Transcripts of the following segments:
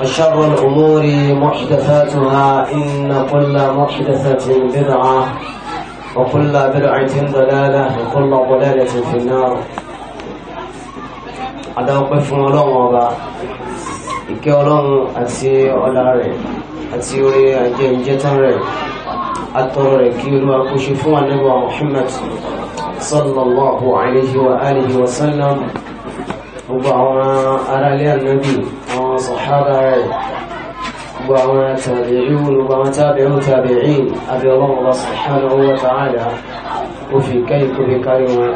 وشر الأمور محدثاتها إن كل محدثة بدعة وكل بدعة ضلالة وكل ضلالة في النار أدعوك فما لهم وبا ìkẹ́ ọlọ́run àti ọlá rẹ̀ àti orí ajé ìjẹta rẹ̀ atọrọ rẹ̀ kí olúwa kó ṣe fún anábọ̀ Muhammad sallallahu alayhi wa alihi wa sallam gbogbo àwọn aráalé ànábì sàhábà rẹ̀ gbogbo àwọn tàbí'í gbogbo àwọn tàbí'í tàbí'í àbí ọlọ́run bá subhanahu wa ta'ala ó fi kẹ́yìn kó fi kárí wọn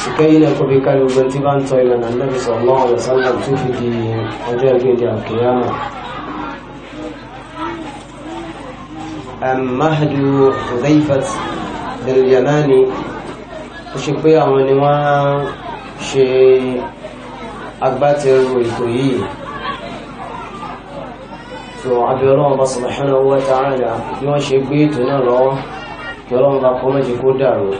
sì kẹ́yìn náà kó fi kárí gbogbo tí bá ń tọ́ ìlànà Nabi sallallahu alaihi wasallam tó fi di ọjọ́ ìgbéde àkèyàmà mahadu huzaifat bilyamani ó ṣe pé àwọn ni wọ́n ṣe agbátẹrù ètò yìí so abẹ́ ọlọ́run bá subhanahu wa ta'ala bí wọ́n ṣe gbé ètò náà lọ́wọ́ kí ọlọ́run bá kọ́ méjì kó dàrú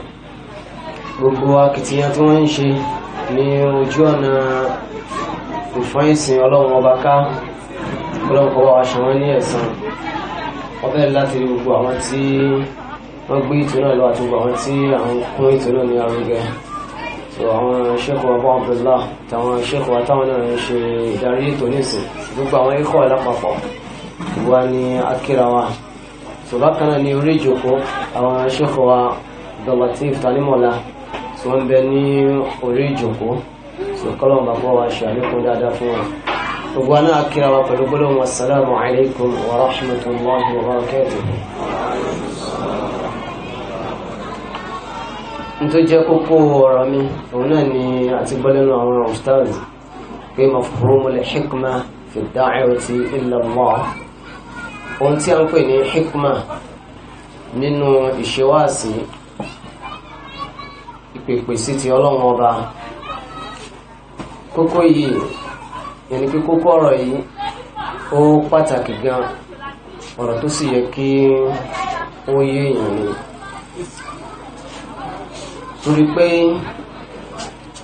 gbogbo akitiyan tí wọ́n ń ṣe ní ojú ọ̀nà ìfọ́yìnsìn ọlọ́run ọba ká ọlọ́run kọ́ wa ní ẹ̀san wọ́n láti rí gbogbo àwọn tí wọ́n gbé ètò náà lọ àti gbogbo àwọn tí àwọn kún ètò náà ní arúgẹ so àwọn ṣẹ́kọ̀ọ́ ọba abdullahi àtàwọn ṣẹ́kọ̀ọ́ àtàwọn náà ń ṣe ìdarí ètò nísìn gbogbo àwọn ikọ̀ lápapọ̀ wa ni akira wa sọba kan náà ní orí ìjòkó àwọn aṣọ́kọ̀ wa Abdullatif Tanimola tí wọ́n ń bẹ ní orí ìjòkó sọkọlọ́n bàbá wa ṣe àlékún dáadáa fún wa gbogbo wa akira wa pẹ̀lú gbólóhùn wasalaamu alaykum wa rahmatulahi wa barakatuh. tó jẹ́ kókó ọ̀rọ̀ mi òun náà ni àti gbọ́lẹ́nu àwọn ustaz pé mafhumul hikma fi da'wati illa Allah ohun tí a ń pè ní hikma nínú ìṣewáàsí ìpèpè ti ọlọ́run ọba kókó yìí yẹn ni pé kókó ọ̀rọ̀ yìí ó pàtàkì gan ọ̀rọ̀ tó sì yẹ kí ó yé èèyàn ni torí pé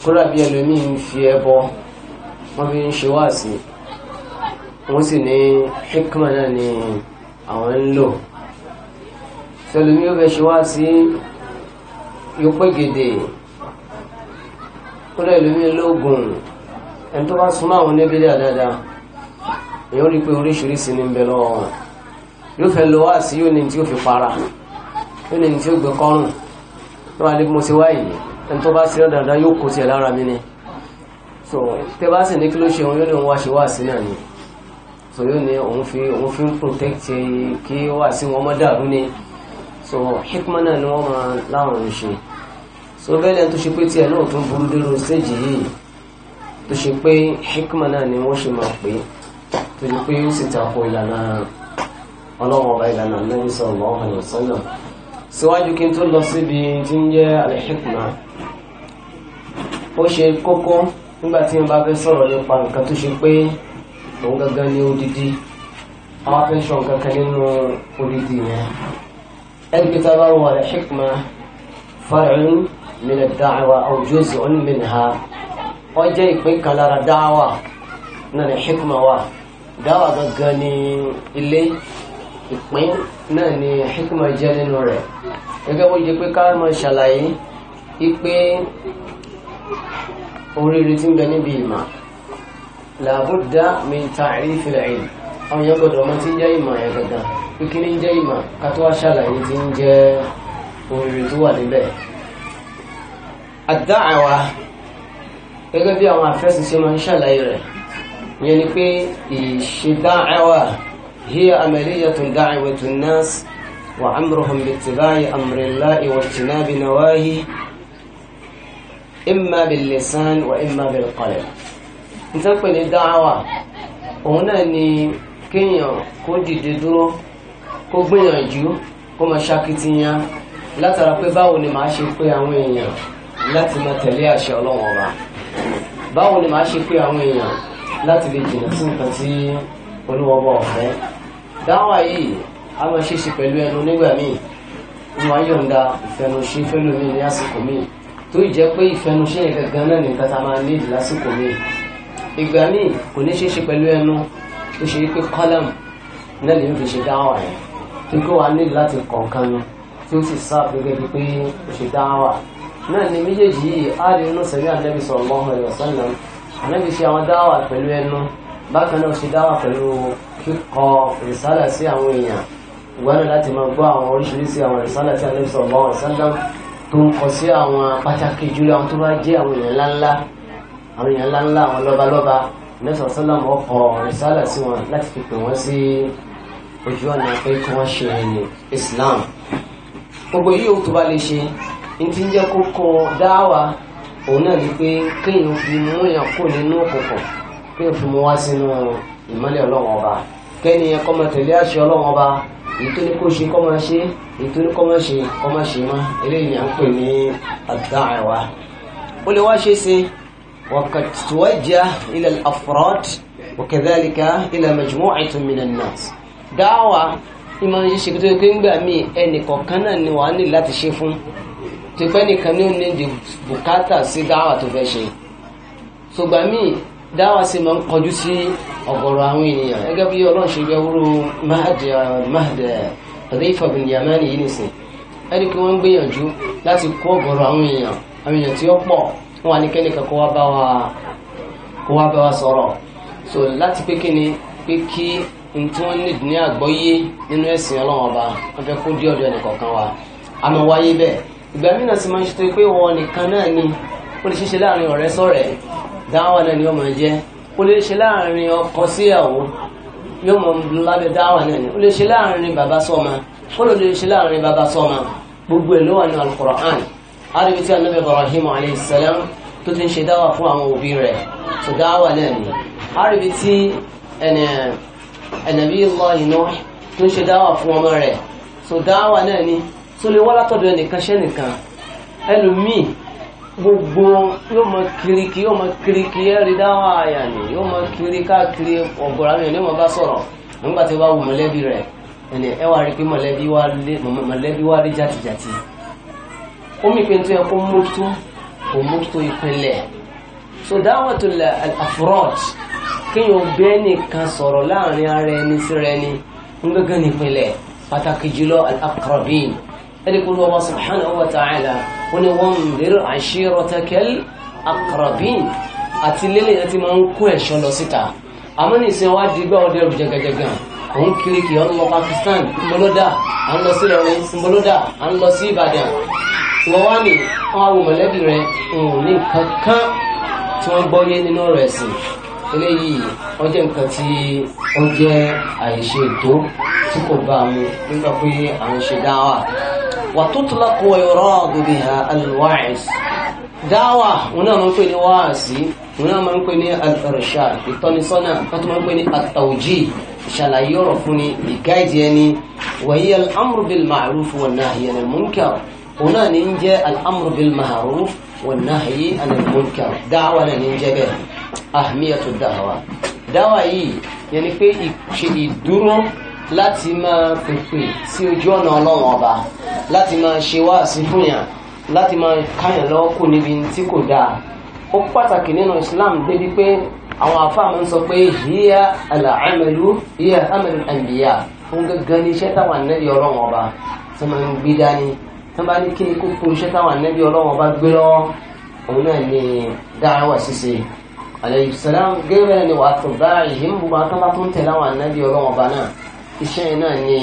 kódà bí ẹlòmíín fi ẹbọ wọ́n fi ń ṣe wáàsí wọ́n sì ní hikma náà ni àwọn ń lò sẹlẹ̀mí ó fẹ́ ṣe wá sí yóò gèdè ó dẹ̀ lómi lóògùn ẹni tó bá súnmọ́ àwọn níbi dà dáadáa èèyàn rí i pé oríṣiríṣi ní bẹ lọ́wọ́ yóò fẹ́ lọ wá sí yóò ní tí yóò fi para yóò ní tí yóò gbé kọ́rùn ló wà ní mo ṣe wáyé ẹni tó bá sí ọ̀dà dáadáa yóò kó sí ẹ̀ lára mi ni so tẹ bá sì ní kí ló ṣe wọn yóò ní wọn wá ṣe wá sí náà ni so yóò ní òun fi òun fi ń protect kí wà sí wọn mọ́ dàrú ni so hikma náà ni wọ́n máa láwọn ń ṣe so bẹ́ẹ̀ lẹ́nu tó ṣe pé tiẹ̀ náà tún burú dérò stage yìí tó ṣe pé hikma náà ni wọ́n ṣe máa pè tó ṣe pé ó sì tako ìlànà ọlọ́wọ́ ọba ìlànà lẹ́yìn sọ̀rọ̀ ọ̀hún ìwòsànà síwájú kí n tó lọ síbi tí ń jẹ́ al-hikma ó ṣe kókó nígbà tí wọ́n bá fẹ́ sọ̀rọ̀ nípa nǹkan tó ṣe pé òun gangan ní odidi àwọn afẹ́ṣọ́ nǹkan kan nínú odidi yẹn ẹni pé tábà wà ní hikma far'un min ad-da'wa aw juz'un minha wọ́n jẹ́ ìpín kan lára dáwà náà ní hikma wà dáwà gangan ní ilé ìpín náà ní hikma jẹ́ nínú rẹ̀ gẹ́gẹ́ bó jẹ́ pé ká máa ṣàlàyé wípé oríire tí ń bẹ níbi ìmọ̀ làbúdá mi ta'rif al-ilm àwọn yẹn gbọdọ̀ ọmọ tí ń jẹ́ ìmọ̀ yẹn gangan kíkiri ń jẹ́ ìmọ̀ ká tó wá ṣàlàyé tí ń jẹ́ oore tó wà níbẹ̀. ad-da'wa gẹ́gẹ́ bí àwọn àfẹ́sìn ṣe máa ń ṣàlàyé rẹ̀ ìyẹn ni pé ìṣe da'wa hiya amaliyatun nas wa amruhum bittiba'i amrillahi wa ijtinabi nawahi imma bil wa imma bil ìtọ́pẹ̀ ní dáhàwà òun náà ni kéèyàn kó dìde dúró kó gbìyànjú kó máa ṣakitiyan látara pé báwo ni màá ṣe pé àwọn èèyàn láti máa tẹ̀lé àṣẹ ọlọ́wọ́n ọba báwo ni màá ṣe pé àwọn èèyàn láti lè jìnà sí nǹkan tí olúwọ́bọ ọ̀fẹ́ dáhàwà yìí a máa ṣe é ṣe pẹ̀lú ẹnu nígbà míì wọn yọ̀ǹda ìfẹnuṣe fẹ́lómi ní àsìkò míì tó ì jẹ́ pé ìfẹnuṣe yẹn gangan náà nìkan tá a máa ní ìdí lásìkò míì ìgbà míì kò ní ṣe é ṣe pẹ̀lú ẹnu tó ṣe pé kọ́lẹ̀mù náà lè fi ṣe dáwà yẹn tó kó wa nílò láti kọ̀ọ̀kan ni tí ó sì sáà gẹ́gẹ́ bí pé ó ṣe dáwà náà ni méjèèjì yìí á rí inú sẹ́yìn ànábì sallallahu alaihi wasallam ànábì ṣe àwọn dáwà pẹ̀lú ẹnu bákan náà ṣe dáwà pẹ̀lú kíkọ rìsálà sí àwọn èèyàn ìgbàlódé láti máa gbọ́ àwọn oríṣiríṣi àwọn rìsálà sí ànábì sallallahu alaihi wasallam tó ń kọ sí àwọn pàtàkì jùlọ àwọn tó bá jẹ́ àwọn èèyàn ńláńlá àwọn èèyàn ńláńlá àwọn lọ́balọ́ba nẹ́sàn sọ́lámù ọkọ̀ rìsálà sí wọn láti fi pè wọ́n sí ojú ọ̀nà pé kí wọ́n ṣe Islam gbogbo yìí ó tó bá lè ṣe ní ti ń jẹ́ kókó dáwà òun náà ni pé kéèyàn fi mú èèyàn kó nínú òkùnkùn kéèyàn fi mú wá sínú ìmọ́lẹ̀ ọlọ́run ọba kẹ́ni ẹ máa tẹ̀lé àṣẹ ọlọ́run ọba ìtòní kó ṣe kọ́ máa ṣe ìtòní kọ́ máa ṣe kọ́ máa ṣe mọ́ eléyìí ni à ń pè ní àdáhàwá ó lè wá ṣe é ṣe وقد توجه إلى الأفراد وكذلك إلى مجموعة من الناس دعوة ìmọ̀ ṣíṣe tó yẹ pé ń gbà نواني لا náà ni كانوا ní láti ṣe fún tó pẹ́ nìkan ní òní di bùkátà sí dáwà tó fẹ́ ṣe ṣùgbà mí dáwà sì máa ń kọjú sí ọ̀gọ̀rọ̀ àwọn ènìyàn gẹ́gẹ́ bí ọlọ́run ṣe gbé wúrú Mahdi Mahdi Hudhayfah bin Yamani yìí nìsín ẹni pé wọ́n ń gbìyànjú láti kó ọ̀gọ̀rọ̀ àwọn èèyàn àwọn èèyàn tí ó pọ̀ wọ́n wá ní kẹ́nìkan kó wá bá wa kó wá bá wa sọ̀rọ̀ so láti pé kí ni pé kí n tí wọ́n nídìí ní àgbọ́yé nínú ẹ̀sìn ọlọ́wọ́n ọba wọ́n fẹ́ kó dí ọ̀dọ̀ ẹnìkọ̀ọ̀kan wa àmọ́ wáyé bẹ́ẹ̀ ìgbà mìíràn sì máa ń ṣètò pé wọ́n nìkan náà ni ó lè ṣeéṣe láàrin ọ̀rẹ́ sọ̀rẹ́ dáwà náà ni ó máa jẹ́ ó lè ṣe láàrin ọkọ sí ìyàwó yóò mọ̀ lábẹ́ dáwà náà ni ó lè ṣe láàrin bàbá sọ́mọ ó lè ṣe láàrin bàbá sọ́mọ gbogbo ẹ̀ ló wà ní Al-Qur'an àríbi tí anábì Ibrahim aleyhisselam tó ti ń ṣe dáwà fún àwọn òbí rẹ̀ tó dáwà náà ni àríbi tí ẹnàbí Allahi Nuh tó ń ṣe dáwà fún ọmọ rẹ̀ tó dáwà náà ni tó lè wá látọ̀dọ̀ ẹnìkan ṣẹ́ nìkan ẹlòmíì gbogbo yóò mọ kiri kí yóò mọ kiri kí ẹ̀rí dáwà àyàní yóò mọ kiri káàkiri ọ̀gọ̀rọ̀ àwọn ènìyàn máa bá sọ̀rọ̀ nígbà tí ó bá wù mọ̀lẹ́bí rẹ̀ ẹni ẹwà rí pé mọ̀lẹ́bí wá rí jàtìjàtì ó mì pé tó yẹ kó mójútó kò mójútó ìpínlẹ̀ so da'watul afrod kéèyàn bẹ́ẹ̀ nìkan sọ̀rọ̀ láàrin ara ẹni síra ẹni ń gángan nípínlẹ̀ pàtàkì jùlọ al-aqrabin ẹni kúrò ọba subhanahu wa ta'ala ó ní wanzir ashiratakal aqrabin àti lélẹ̀ yẹn ti máa ń kó ẹ̀ṣọ́ lọ síta àmọ́ ní ìsìn wa dìgbà ọdẹ ẹrù jẹgẹjẹgẹ òun kiri kì ọ́n lọ Pakistan mbọlódà à ń lọ sí Ìlọrin mbọlódà à ń lọ sí Ìbàdàn wọ́n wá ní àwọn àwọn mọ̀lẹ́bí rẹ̀ ń ní nǹkan kan tí wọ́n gbọ́yé nínú ọ̀rọ̀ ẹ̀sìn eléyìí wọ́n jẹ́ nǹkan tí wọ́n jẹ́ àìṣe ètò tí kò bá mu nígbà pé àwọn ṣe dáwà wà tó tó lápò ẹ̀rọ àgbègbè ha alwáìs dáwà wọn náà máa ń pè ní wáàsí wọn náà máa ń pè ní alẹ́rọ̀ṣà ìtọ́nisọ́nà wọn tó máa ń pè ní àtàwùjì ìṣàlàyé ọ̀rọ̀ fún ìgáìdì ẹni wàyí al-amru bil ma'ruf wan nahyi anil munkar òun náà ní ń jẹ́ al-amru bil ma'ruf wan nahyi anil munkar dáwà náà ní ń jẹ́ bẹ́ẹ̀ ahmiyatu dáwà dáwà yìí yẹn ni pé ìdúró láti máa pèpè sí ojú ọ̀nà ọlọ́run ọba láti máa ṣe wáàsí fún yàn láti máa káyàn lọ́wọ́ kù níbi tí kò dáa ó pàtàkì nínú Islam débi pé àwọn afáàmù ń sọ pé hiya al hiya amalu anbiya fún gángan ní táwọn ànábì ọlọ́run ọba tó máa ń gbé dání tó bá ní kí ni kókó iṣẹ́ táwọn ànábì ọlọ́wọ́n bá gbé lọ́wọ́ òun náà ni dáhàwà ṣíṣe àlẹ́yìísàlám gẹ́gẹ́ ni wà á tó bá ìhìn gbogbo àwọn tó bá tún tẹ̀lé àwọn ànábì ọlọ́wọ́n bá náà iṣẹ́ yẹn náà ni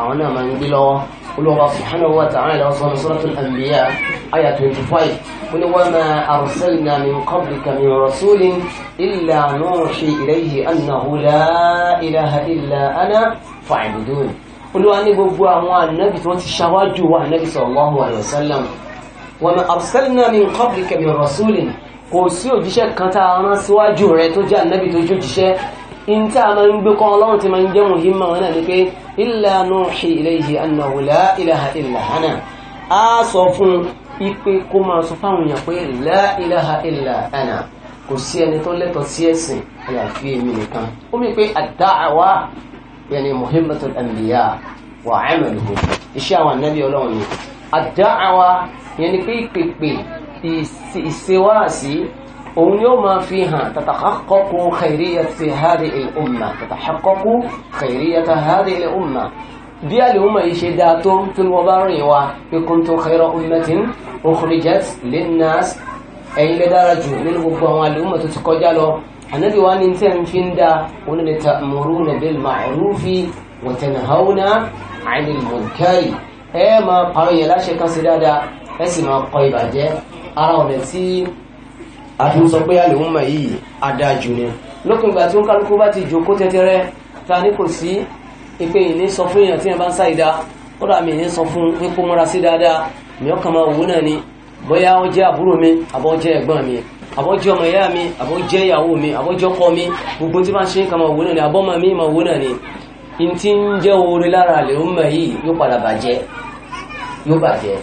àwọn náà máa ń gbé lọ́wọ́ olùwà subhanahu wa ta'ala sọ́nà suratul anbiya ayà 25 wọ́n ni wa ma arsalna min qablika min rasulin illa nuhi ilayhi annahu la ilaha illa ana fa'budun olúwa ní gbogbo àwọn ànábì tí wọ́n ti ṣáwájú wa ànábì sallallahu alaihi wasallam wa ma arsalna min qablika min rasulin kò sí òjíṣẹ́ kan tá a rán síwájú rẹ tó jẹ́ ànábì tó jójíṣẹ́ in tá a máa ń gbé kan ọlọ́run ti máa ń jẹ́ muhimma wọn náà ni pé illa nuhi ilayhi annahu la ilaha illa ana a sọ fún ipe kó máa sọ fáwọn èèyàn pé la ilaha illa ana kò sí ẹni tó lẹ́tọ̀ọ́ sí ẹ̀sìn àyàfi èmi nìkan ó mi pé ad يعني مهمة الأنبياء وعملهم إشاء والنبي ولوني الدعوة يعني كي كي كي السواسي يوم فيها تتحقق خيرية هذه الأمة تتحقق خيرية هذه الأمة bí alìhúnmà yìí ṣe dáa tó tó ní wọ́n bá rìn wá pé kuntum khayra ummatin ukhrijat linnas ẹ̀yin lè dára jù nínú gbogbo àwọn alìhúnmà tó ti kọjá lọ ànábì wa ní tẹ́ ń fi ń da òun ni ta'muruna bil ma'rufi wa tanhauna 'anil munkari ẹ máa pàrọ̀ yẹn láṣẹ kan sí dáadáa ẹ sì máa kọ ìbàjẹ́ ara ọ̀nà tí a fi ń sọ pé àlèhùnmọ̀ yìí adájú ni lókun ìgbà tí ó ń kálukú bá ti jòkó tẹ́tẹ́rẹ́ ta ní kò sí ìpè ìní sọ fún èèyàn tí wọ́n bá ń ṣàìdá ó dà mí ìní sọ fún pípọ́ múra sí dáadáa mi ọkàn máa wò ni bóyá ó jẹ́ mi àbọ̀ jẹ́ ẹ̀gbọ́n mi àbọ́jọ́ ọmọ ìyá mi àbọ́jẹ́ ìyàwó mi àbọ́jọ́ kọ́ mi gbogbo tí bá ṣe ń kà máa wò náà ni àbọ́mọ mi máa wò náà ni n ti ń jẹ́ oore lára àlè ọmọ yìí yóò padà bàjẹ́ yóò bàjẹ́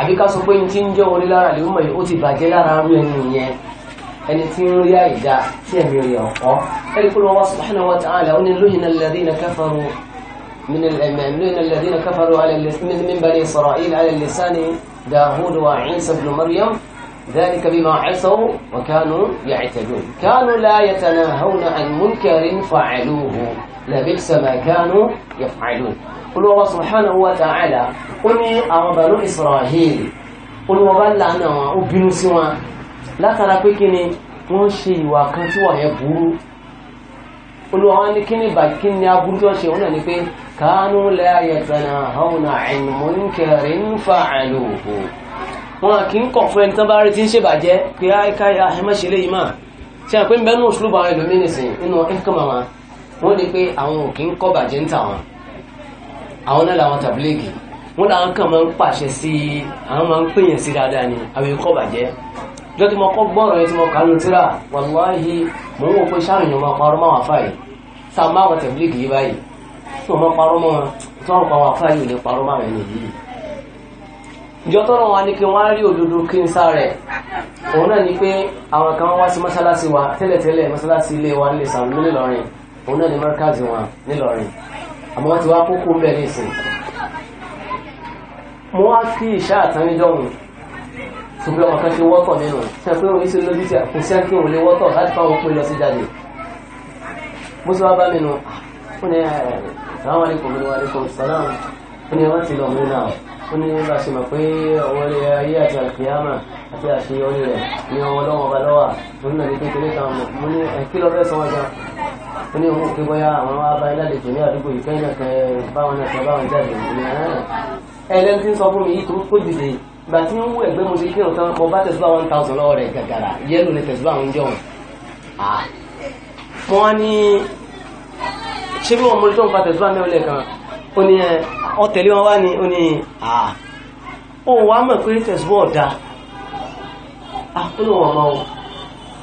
àbí ká sọ pé n ti ń jẹ́ oore lára àlè ọmọ yìí ó ti bàjẹ́ lára arú ẹni yẹn ẹni tí ń rí àìdá tí ẹ̀mí rẹ̀ ọ̀kọ́ ẹni kúrò wá subhanahu wa ta'ala ó ní lóyìn alladhina kafaru من الإمام لأن الذين كفروا على من بني إسرائيل على لسان داود وعيسى بن مريم ذلك بما عصوا وكانوا يعتدون كانوا لا يتناهون عن منكر فعلوه لبئس ما كانوا يفعلون قل الله سبحانه وتعالى قل أربن إسرائيل قل وبل أنا أبن سوى لا تركني wọ́n ṣe ìwà kan tí wọ́n yẹn burú olùwàwọn ní kíni bàkíní aburú tí wọ́n ṣe wọ́n náà ni wọn kì í kọ̀ fún ẹni tán bá rí tí ń ṣèbàjẹ́ pé káyà ẹmẹ́ṣe lè yìí máa ṣe àpé ń bẹ́nu òṣùlù àwọn ẹlòmí nìsín nínú ẹ̀kọ́mà wọn wọ́n ní pé àwọn ò kì í kọ́ bàjẹ́ ń tà wọn àwọn náà làwọn tàbílẹ́gì wọ́n làwọn kàn máa ń pàṣẹ sí i àwọn máa ń pèyàn sí dáadáa ni àwọn èkọ́ bàjẹ́ jọ tí mo kọ́ gbọ́rọ̀ yẹn tí mo kà á nu tíra wàláhì mò ń wò pé sáàrìyàn máa parọ́ máa wà fáyì sáà máa wọ tàbílẹ́gì yìí báyìí tó máa parọ́ máa ìjọ tọrọ wa ni kí wọn rí òdodo kí n sá òun náà ni pé àwọn kan wá sí mọ́ṣáláṣí wa tẹ́lẹ̀tẹ́lẹ̀ mọ́ṣáláṣí ilé wa nílé sàmúlò nílọrin òun náà ni mọ́rkáàzì wa nílọrin àmọ́ wọ́n ti wá kókó ń bẹ̀ nísìn mo wá kí ìṣá àtàníjọ́hùn ṣùgbọ́n ọmọ kan ṣe wọ́tọ̀ nínú ṣe pé òun ṣe lójú tí kò sí kí òun lè wọ́tọ̀ láti fáwọn pé lọ sí jáde mo ti wá bá mi nu ó ní ẹ̀ẹ́dẹ̀ àwọn ó ní bá ṣe mọ̀ pé ọwọ́ ilé ayé àti àkíyàmà àti àṣeyọrí rẹ̀ ní ọwọ́ ọlọ́wọ́ ọba lọ́wà òun náà ní kékeré kan mọ̀ mo ní ẹ̀kí lọ́fẹ́ sọ wọn gan ó ní òun òkè bóyá àwọn abá ilálejò ní àdúgbò yìí kẹ́yìn náà kẹ́ báwọn náà kẹ́ báwọn jáde ní ẹlẹ́ni tí ń sọ fún mi yìí tó kó dìde ìgbà tí ń wú ẹ̀gbẹ́ mo ti kí ọ̀tán mo bá tẹ̀síwá one thousand lọ́wọ́ rẹ̀ gàgàrà yẹ́lò ní tẹ̀síwá àwọn oúnjẹ ṣé bí wọ́n mú ní tó ń fa tẹ̀síwá mẹ́wọ́lẹ̀ kan onye ní ọ tẹ̀lé wọn wá ní ó a àà ó wà mọ̀ pé tẹ̀síwọ̀ ọ̀dà àkúlò wọn mọ́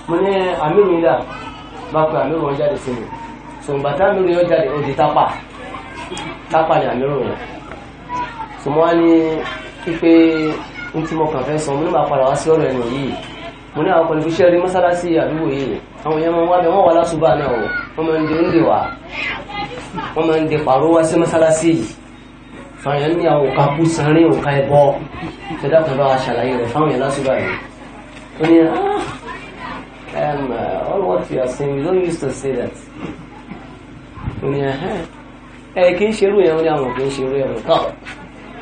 mo ní àmìrù ìlà bá pé àmìrù wọn jáde sí mi ṣùgbọ́n tí àmìrù yóò jáde ó tápà tápà ní pípé tí mo kàn sọ mo ní padà wá sí yìí mo ní àwọn mọ́sálásí wọ́n máa ń di pàrọ̀ wá sí mọ́sálásí yìí fàyà ní àwọn òkà kú sanrin òkà ẹ̀bọ tẹ́lá kan bá wa ṣàlàyé rẹ̀ fáwọn yẹn lásìkò àyè ó ní ah, um, uh, all what you are saying, you don't used to say that. Ó ní ẹ kì í ṣerú yẹn ó ní àwọn kì í ṣerú yẹn tọ́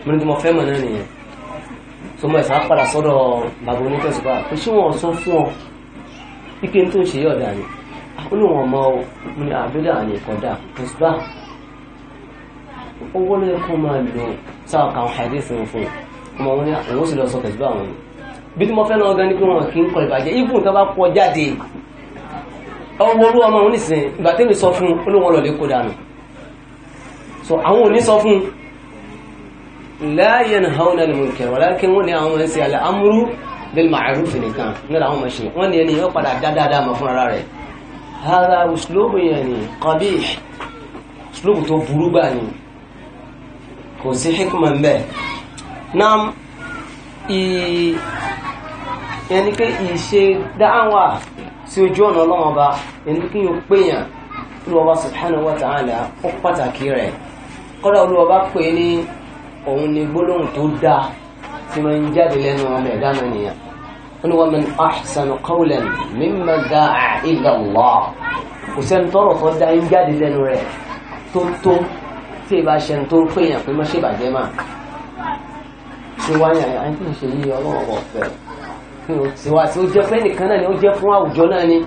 mo ní tí mo fẹ́ mọ̀ náà nìyẹn tó mọ̀ ìfà sọ́dọ̀ bàbá onítẹ̀sùpá pé ṣé sọ fún ọ ike tó ń ṣe yọ̀dà ni ó ní wọn mọ ọ mo ní àbílẹ̀ àní ìkọ̀dà mùsùlá owó ló yẹ kó máa lò sáà kan hadith ń fún ọmọ wọn ní àwọn sì lọ sọ kẹsùbà wọn bí tí mo fẹ́ náà gan ni wọn kì í kọ ìbàjẹ́ ibùn tó bá kọ jáde ọwọ́rú ọmọ wọn nìsín ìgbà tẹ́lẹ̀ sọ fún olóhùn ọlọ́lẹ́ kó dànù so àwọn ò ní sọ fún la yanhauna lil munkar walakin wọ́n ní àwọn ọmọ ẹ̀sìn al-amru bil ma'ruf nìkan nílò àwọn ọmọ ẹ̀sìn wọ́n ní ẹni yóò padà dá dáadáa mọ̀ fún ara hara uslubu yẹn ni qabih uslubu tó burú gbà ni kò sí hikma ń bẹ nam ẹni pé ìṣe dáhàwà sí ojú ọ̀nà ọlọ́wọ́n ba ẹni pé kí n pèèyàn olùwọ́ba subhanahu wa ta'ala ó pàtàkì rẹ̀ kọ́dà olùwọ́ba pè é ní òun ni gbólóhùn tó dáa tí wọ́n ń jáde lẹ́nu ọmọ ẹ̀dá náà nìyẹn wọn ni waman ahsanu qawlan mimman da'a ila Allah kò sẹ́ni tọrọ tó dá ń jáde lẹ́nu rẹ̀ tó tó tí ì bá ṣẹni tó ń pè yàn pé má ṣe bàjẹ́ mà ṣé wá yàn yàn kí n ṣe yí ọlọ́wọ́ ọ̀fẹ́ ṣe wá sí ó jẹ́ fẹ́ nìkan náà ni ó jẹ́ fún àwùjọ náà ni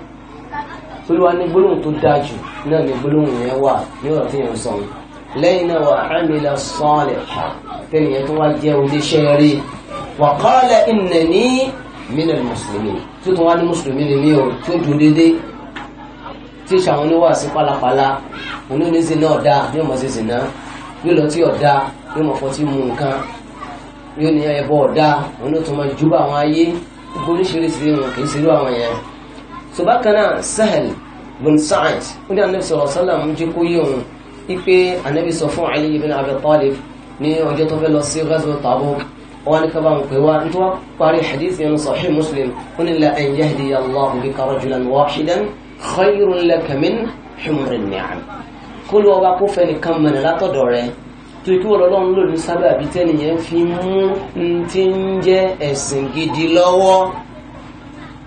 olúwa ní gbólóhùn tó dáa jù náà ní gbólóhùn yẹn wà ní ọ̀rọ̀ tí yẹn sọ lẹ́yìn náà wà ámìlà sọ́ọ̀lẹ̀ tẹ́nìyẹn tó wá jẹ́ oníṣẹ́ rí wà qala innani mina mùsùlùmí tí ó tún wá ní mùsùlùmí ni mí o tí ó dúró dédé tí ìṣàwọn oníwàásí pálapàla oníníṣe náà dá bí ọmọ ṣe sì náà yóò lọ tí ọ̀dá yóò mọ̀ fọ́ tí mu nǹkan yóò ní ẹbọ ọ̀dá òun ló tún máa júbà àwọn ayé gbogbo oríṣiríṣi wọn kì í ṣerú àwọn yẹn. so bákan Sahel bin Sa'id ó ní anabi sọ̀rọ̀ sọ́là mú jẹ́ kó yé òun wípé anabi sọ fún Ali ibn Abi Talib ní ọjọ́ tó fẹ́ lọ sí ghazwa Tabuk wọ́n ní kábà ń pè wá nítorí wọ́n parí hadith yẹn sahih muslim wọ́n ní la an yahdiya Allahu bika rajulan wahidan khayrun laka min humurin ni'am kó ló wá kó fẹ́ nìkan mọ̀nà látọ̀dọ̀ rẹ̀ tó kí wọ́n lọ́n lò ní sábàbí tẹ́nìyẹn fi mú ti ń jẹ́ ẹ̀sìn gidi lọ́wọ́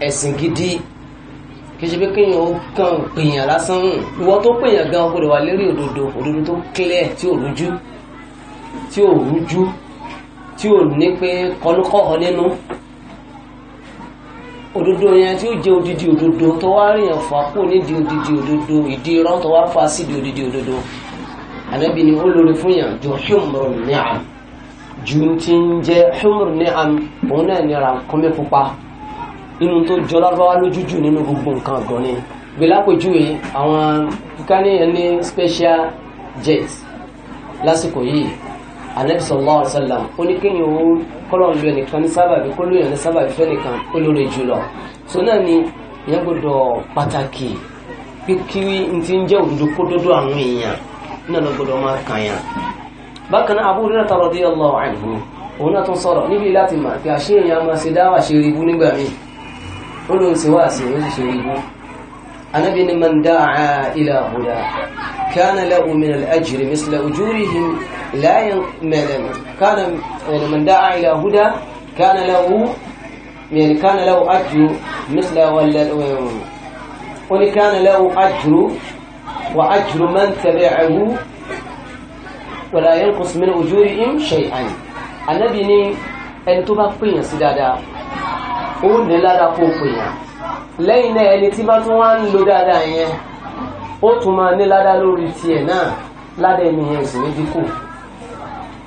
ẹ̀sìn gidi kìí pé kéèyàn ó kàn pèèyàn lásán hùn ìwọ tó pèèyàn gan ọgbọdọ wà lérí òdodo òdodo tó clear tí ò tí ò ní pé kọlùkọ́họ nínú òdodo yẹn tí ó jẹ odidi òdodo tó wá rí yẹn fà kó nídìí odidi òdodo ìdí irọ́ tó wá fà sídìí odidi òdodo ànábì ni ó lórí fún yàn ju humru ni'am ju ti ń jẹ humru ni'am òun náà ní ràkúnmí pupa inú tó jọ lárúbáwá lójújù nínú gbogbo nǹkan ọ̀gbọ́n ni gbẹlápẹ̀júwe àwọn bukáníyàn ní special jet lásìkò yìí anabi sallallahu alaihi wasallam ó ní kéèyàn ó kọ́lọ̀ lu ẹnìkan ní sábàbí kó lóyún ní sábàbí fẹ́nìkan ó lóore jùlọ so náà ni ìyẹn gbọ́dọ̀ pàtàkì pé kí n ti ń jẹ́ òdodo kó dodo àwọn èèyàn náà ló gbọ́dọ̀ máa kàn yàn bákan náà Abu Hurairah radiyallahu anhu òun náà tún sọ̀rọ̀ níbi láti mà pé àṣé èèyàn máa ṣe dáwà ṣe ibú nígbà míì anabi ni man da'a ila huda kana lahu min al misla ujurihim لا كان من دعا إلى هدى كان له يعني كان له أجر مثل ولا وإن كان له أجر وأجر من تبعه ولا ينقص من أجورهم شيئا النبي ني ẹni tó bá pèèyàn sí dáadáa ó ní ládàá kó pèèyàn lẹ́yìn náà ẹni tí bá tún wá ń lo dáadáa yẹn ó tún máa ní ládàá lórí tiẹ̀ náà ládàá ẹni yẹn sì ní dínkù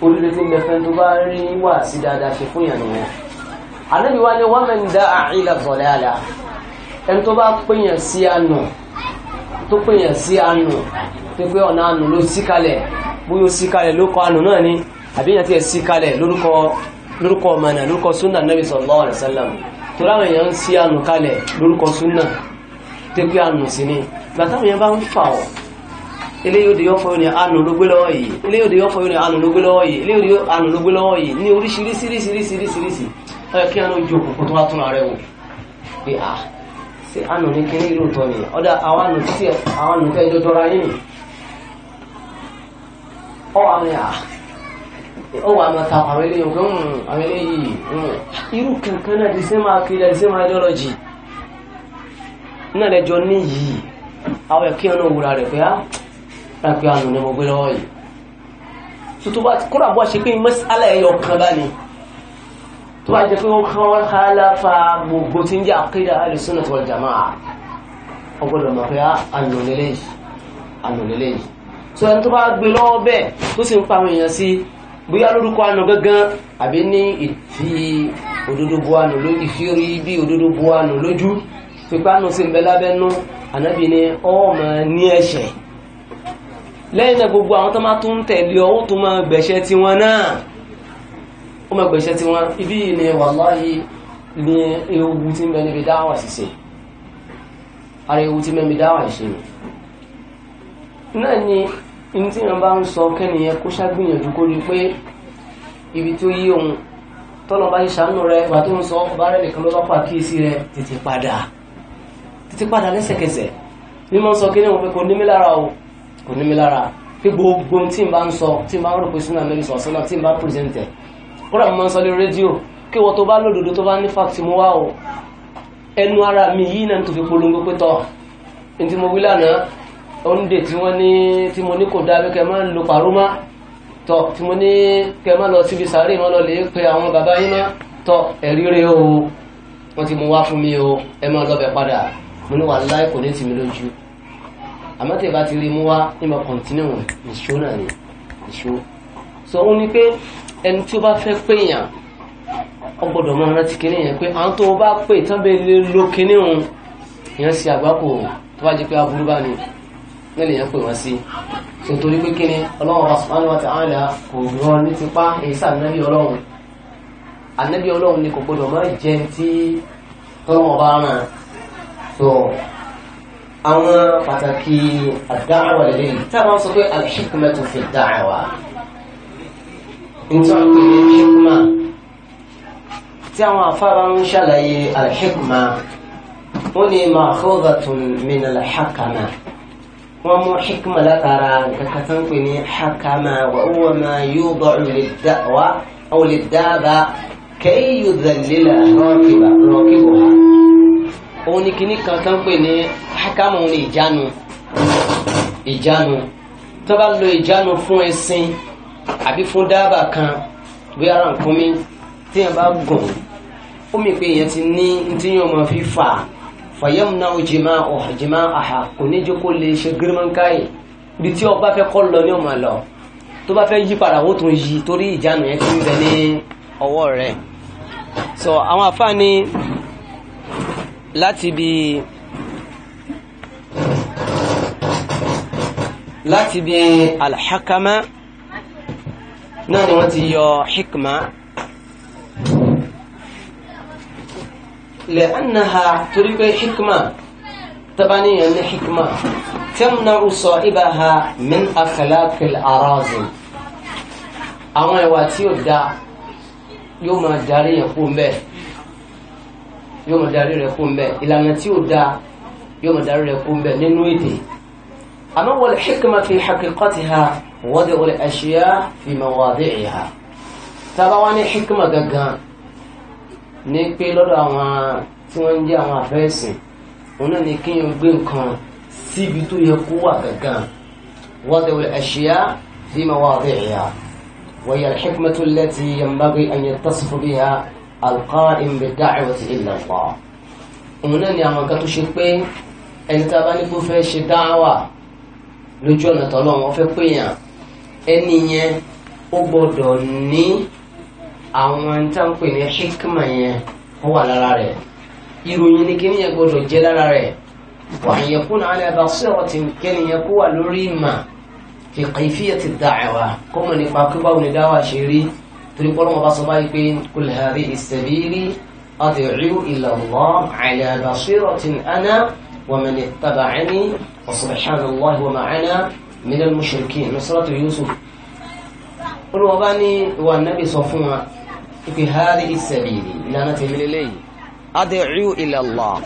orílẹ̀ tí ń bẹ fẹ́ tó bá rí wà sí dáadáa ṣe fún yàn nìyẹn ànábì wa ni wọ́n mẹ́ ń dá àìlà bọ̀lẹ́ àlà ẹni tó bá pèyàn sí àánú tó pèyàn sí àánú tó pé ọ̀nà àánú ló sí kalẹ̀ bóyá ó sí kalẹ̀ ló kọ àánú náà ni àbí èèyàn ti ẹ̀ sí kalẹ̀ lórúkọ lórúkọ ọmọnà lórúkọ súnà nàbì sallallahu alaihi wasallam tó láwọn èèyàn ń sí àánú kalẹ̀ lórúkọ súnà tó pé àánú sí ni gbàtàwọn èèyàn bá ń fà ọ́ eléyìí òde yóò fọyín ní àánú yóò ní àánú ló yìí eléyìí òde àánú ló gbé lọ́wọ́ ní àánú ju òkùnkùn tó wá tún ara wò pé à ní kíní hmm, lápẹ́ àánú ni mo gbé lọ́wọ́ yìí tó tó bá kóra bọ́ ṣe pé mẹ́sàlá ẹ̀yọ kan bá ní tó bá jẹ́ pé wọ́n kán wọ́n ká láfa gbogbo tí ń jẹ́ àkídà alìsúnà tó jàmá ọgbọ́dọ̀ mọ̀ pé àánú ah, lélẹ̀ yìí àánú lélẹ̀ yìí tó ẹni tó bá gbé lọ́wọ́ bẹ́ẹ̀ tó sì ń pa àwọn èèyàn sí bóyá lórúkọ àánú gángan àbí ní ìfi òdodo bu àánú lójú ìfi orí bí òdodo bu àánú lójú pípa sí ń bẹ lábẹ́nú ànábì lẹ́yìn náà gbogbo àwọn tó máa tún ń tẹ̀lé ọwọ́ tó máa gbẹ̀ṣẹ́ tí wọ́n náà ó máa gbẹ̀ṣẹ́ tí wọ́n ibi ni wàláhì ní ewu tí ń bẹ níbi dáwà ṣiṣe ara ewu tí ń bẹ níbi dáwà ṣe náà ni ní tí wọ́n bá ń sọ kẹ́niyẹn kó ṣàgbìyànjú kó rí pé ibi tó yí òun tọ́nà bá ṣe ṣàánú rẹ ìgbà tó ń sọ ọba rẹ nìkan ló bá pàkíyèsí rẹ tètè padà tètè padà lẹ́sẹ̀kẹsẹ̀ mímọ́ sọ kí ní òun pé kò ní lára o kò ní mi lára pé gbogbo tí n bá ń sọ tí n bá ń rò pé súnà mẹ́rin sọ sọ́nà tí n bá pírẹsẹ̀ntẹ̀ kódà mo máa ń sọ lórí rédíò kí wọ́n tó bá lòdòdó tó bá ní fàtí mo wá o ẹnu ara mi yìí náà tó fi polongo pé tọ́ ní tí mo wí lánàá oúnjẹ tí wọ́n ní tí mo ní kò dáa pé kẹ́ máa ń lo pàrọ́ má tọ́ tí mo ní kẹ́ máa lọ síbi sàárè máa lọ lè pe àwọn bàbá yín má tọ́ ẹ̀rí rẹ o wọ́n ti mo wá fún mi o ẹ máa lọ bẹ̀ padà mo ní wàhálà kò ní tì mí lójú àmọ́ tí ìbá ti rí mú wá ní ma kọ̀ntínú nìṣó náà ni nìṣó so ó ní pé ẹni tí ó bá fẹ́ pé èèyàn ó gbọ́dọ̀ mọ rántí kíní yẹn pé àwọn tó bá pè tán bẹ́ẹ̀ lé ló kíní òun èèyàn ṣe àgbákò tó bá jẹ́ pé aburú bá ní nílẹ̀ èèyàn pè wọ́n sí so torí pé kíní ọlọ́run wa subhanahu wa ta'ala kò rọ ní tipá èsà nábì ọlọ́run ànábì ọlọ́run ni kò gbọ́dọ̀ mọ́ jẹ́ tí tọ́lọ́wọ́n bá so àwọn pàtàkì àdáwà lè yìí tá a máa sọ pé alhikma tó fi dáwà nítorí pé hikma tí àwọn afárá ń ṣàlàyé alhikma wọ́n ní ma'khudatun min alhakama wọ́n mú hikma látara kankan tó ń pè ní hakama wa huwa ma yuda'u lid-da'wa aw lid-daba kay yudhallila rakibaha òun ni kíní kan tán pè ní hakamu ní ìjánu ìjánu tó bá lo ìjánu fún ẹṣin àbí fún dábàá kan bí ara nǹkan mi tí yẹn bá gùn ó mi pé yẹn ti ní tí yẹn máa fi fà fàyẹ́mùnà òjìmá òjìmá àhà kò ní jẹ́ kó lè ṣe gírímọ́nkáyì ibi tí ọba fẹ́ kọ́ lọ ní ọmọ lọ tó bá fẹ́ yí padà ó tún yí torí ìjánu yẹn ti ń bẹ ní ọwọ́ rẹ̀ so àwọn àfáà láti bí láti bí alḥakama náà ni wọ́n ti yọ hikma lẹ́ẹ̀náha torí pé hikma tabaniyan ní hikma tamna'u sa'ibaha min akhlaqil arazim àwọn ìwà tí ó da yóò máa darí yẹn kú yóò mọ̀ darí rẹ̀ kó ń bẹ̀ ìlànà tí ó da yóò mọ̀ darí rẹ̀ kó ń bẹ̀ nínú èdè àmọ́ wal hikma fi haqiqatiha wad'u al ashya fi mawadi'iha tábà wá ní hikma gangan ní pé lọ́dọ̀ àwọn tí wọ́n ń jẹ́ àwọn àfẹ́sìn òun náà ni kí n gbé nǹkan síbi tó yẹ kó wà gangan wad'u al ashya fi mawadi'iha wa hiya al hikmatu allati yanbaghi an yattasifa biha alqa'im bi da'wati illa Allah òun náà ni àwọn nǹkan tó ṣe pé ẹni tá a bá ní kó fẹ́ ṣe dáwà lójú ọ̀nà tọ́lọ́ wọn fẹ́ péyàn ẹni yẹn ó gbọ́dọ̀ ní àwọn tá ń pè ní hikma yẹn ó wà lára rẹ̀ ìròyìn ni kí nìyẹn gbọ́dọ̀ jẹ́ lára rẹ̀ wà yẹ kún náà lẹ́ba sọ̀rọ̀ tí kẹ́ni yẹn kó wà lórí ìmà fi kayfiyati da'wa kọ́mọ̀ nípa kí báwo ni dáwà ṣe rí torí pọ́lọ́ wọn bá sọ báyìí pé kul hadhihi sabili ad'u ila Allah ala basiratin ana wa man ittaba'ani wa subhanallahi wa ma ana min al-mushrikin nusratu Yusuf olùwọ́ bá ní ìwà nábì sọ fún wa ipi hadhihi sabili ìlànà tèmi lélẹ́yìí ad'u ila Allah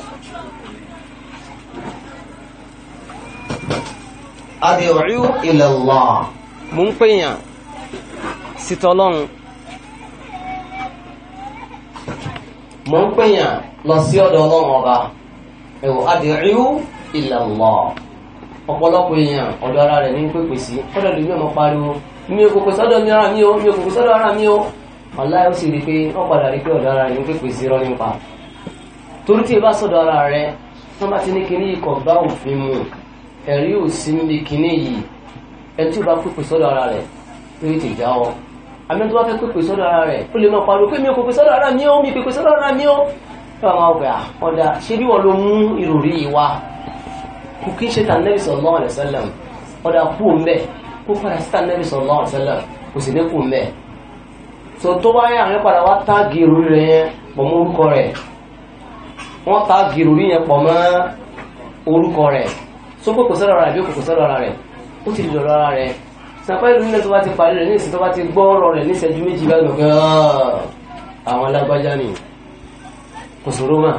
ad'u ila Allah mú ń pèèyàn sítọ́lọ́run mọ̀ ń pèyàn lọ sí ọdọ ọlọ́run ọba ẹ̀wọ̀ adìrú ilẹ̀ lọ ọ̀pọ̀lọpọ̀ èèyàn ọ̀dọ̀ ara rẹ̀ ní pèpè sí ọ̀dọ̀ lórí ọmọ pariwo mi ò kòkò mi ara mi o mi ò kòkò sọ́dọ̀ ara mi ó sì rí pé padà rí pé ara rẹ̀ ní pèpè sí rọ́ nípa torí àmì tó wá fẹ́ pèpè sọ́dọ̀ ara rẹ̀ ó lè máa pariwo pé mi ò pèpè sọ́dọ̀ ara mi ó mi pèpè sọ́dọ̀ ara mi ó ẹwà máa wẹ̀ ah, ọ̀dà ṣé bí wọ́n ló mú ìròrí yìí wá kò kí ṣe tànẹ́bì sallallahu alaihi wasallam ọ̀dà kú mẹ́ kó padà sí tànẹ́bì sallallahu alaihi wasallam kò sì ní kú mẹ́ tó tó bá yà padà wá táàgì ìròrí rẹ yẹn pọ̀ mọ́ orúkọ rẹ̀ wọ́n táàgì ìròrí yẹn pọ̀ mọ́ orúkọ rẹ̀ só sọ́dọ̀ ara rẹ̀ bí kò sọ́dọ̀ ara rẹ̀ ó ti dọ̀dọ̀ ara rẹ̀ sàpẹ́lú nílẹ̀ tó bá ti parí rẹ̀ nísìn tó bá ti gbọ́ ọ̀rọ̀ rẹ̀ níṣẹ́jú méjì bá gbọ̀ gan àwọn alágbájá ni kò sòrò mà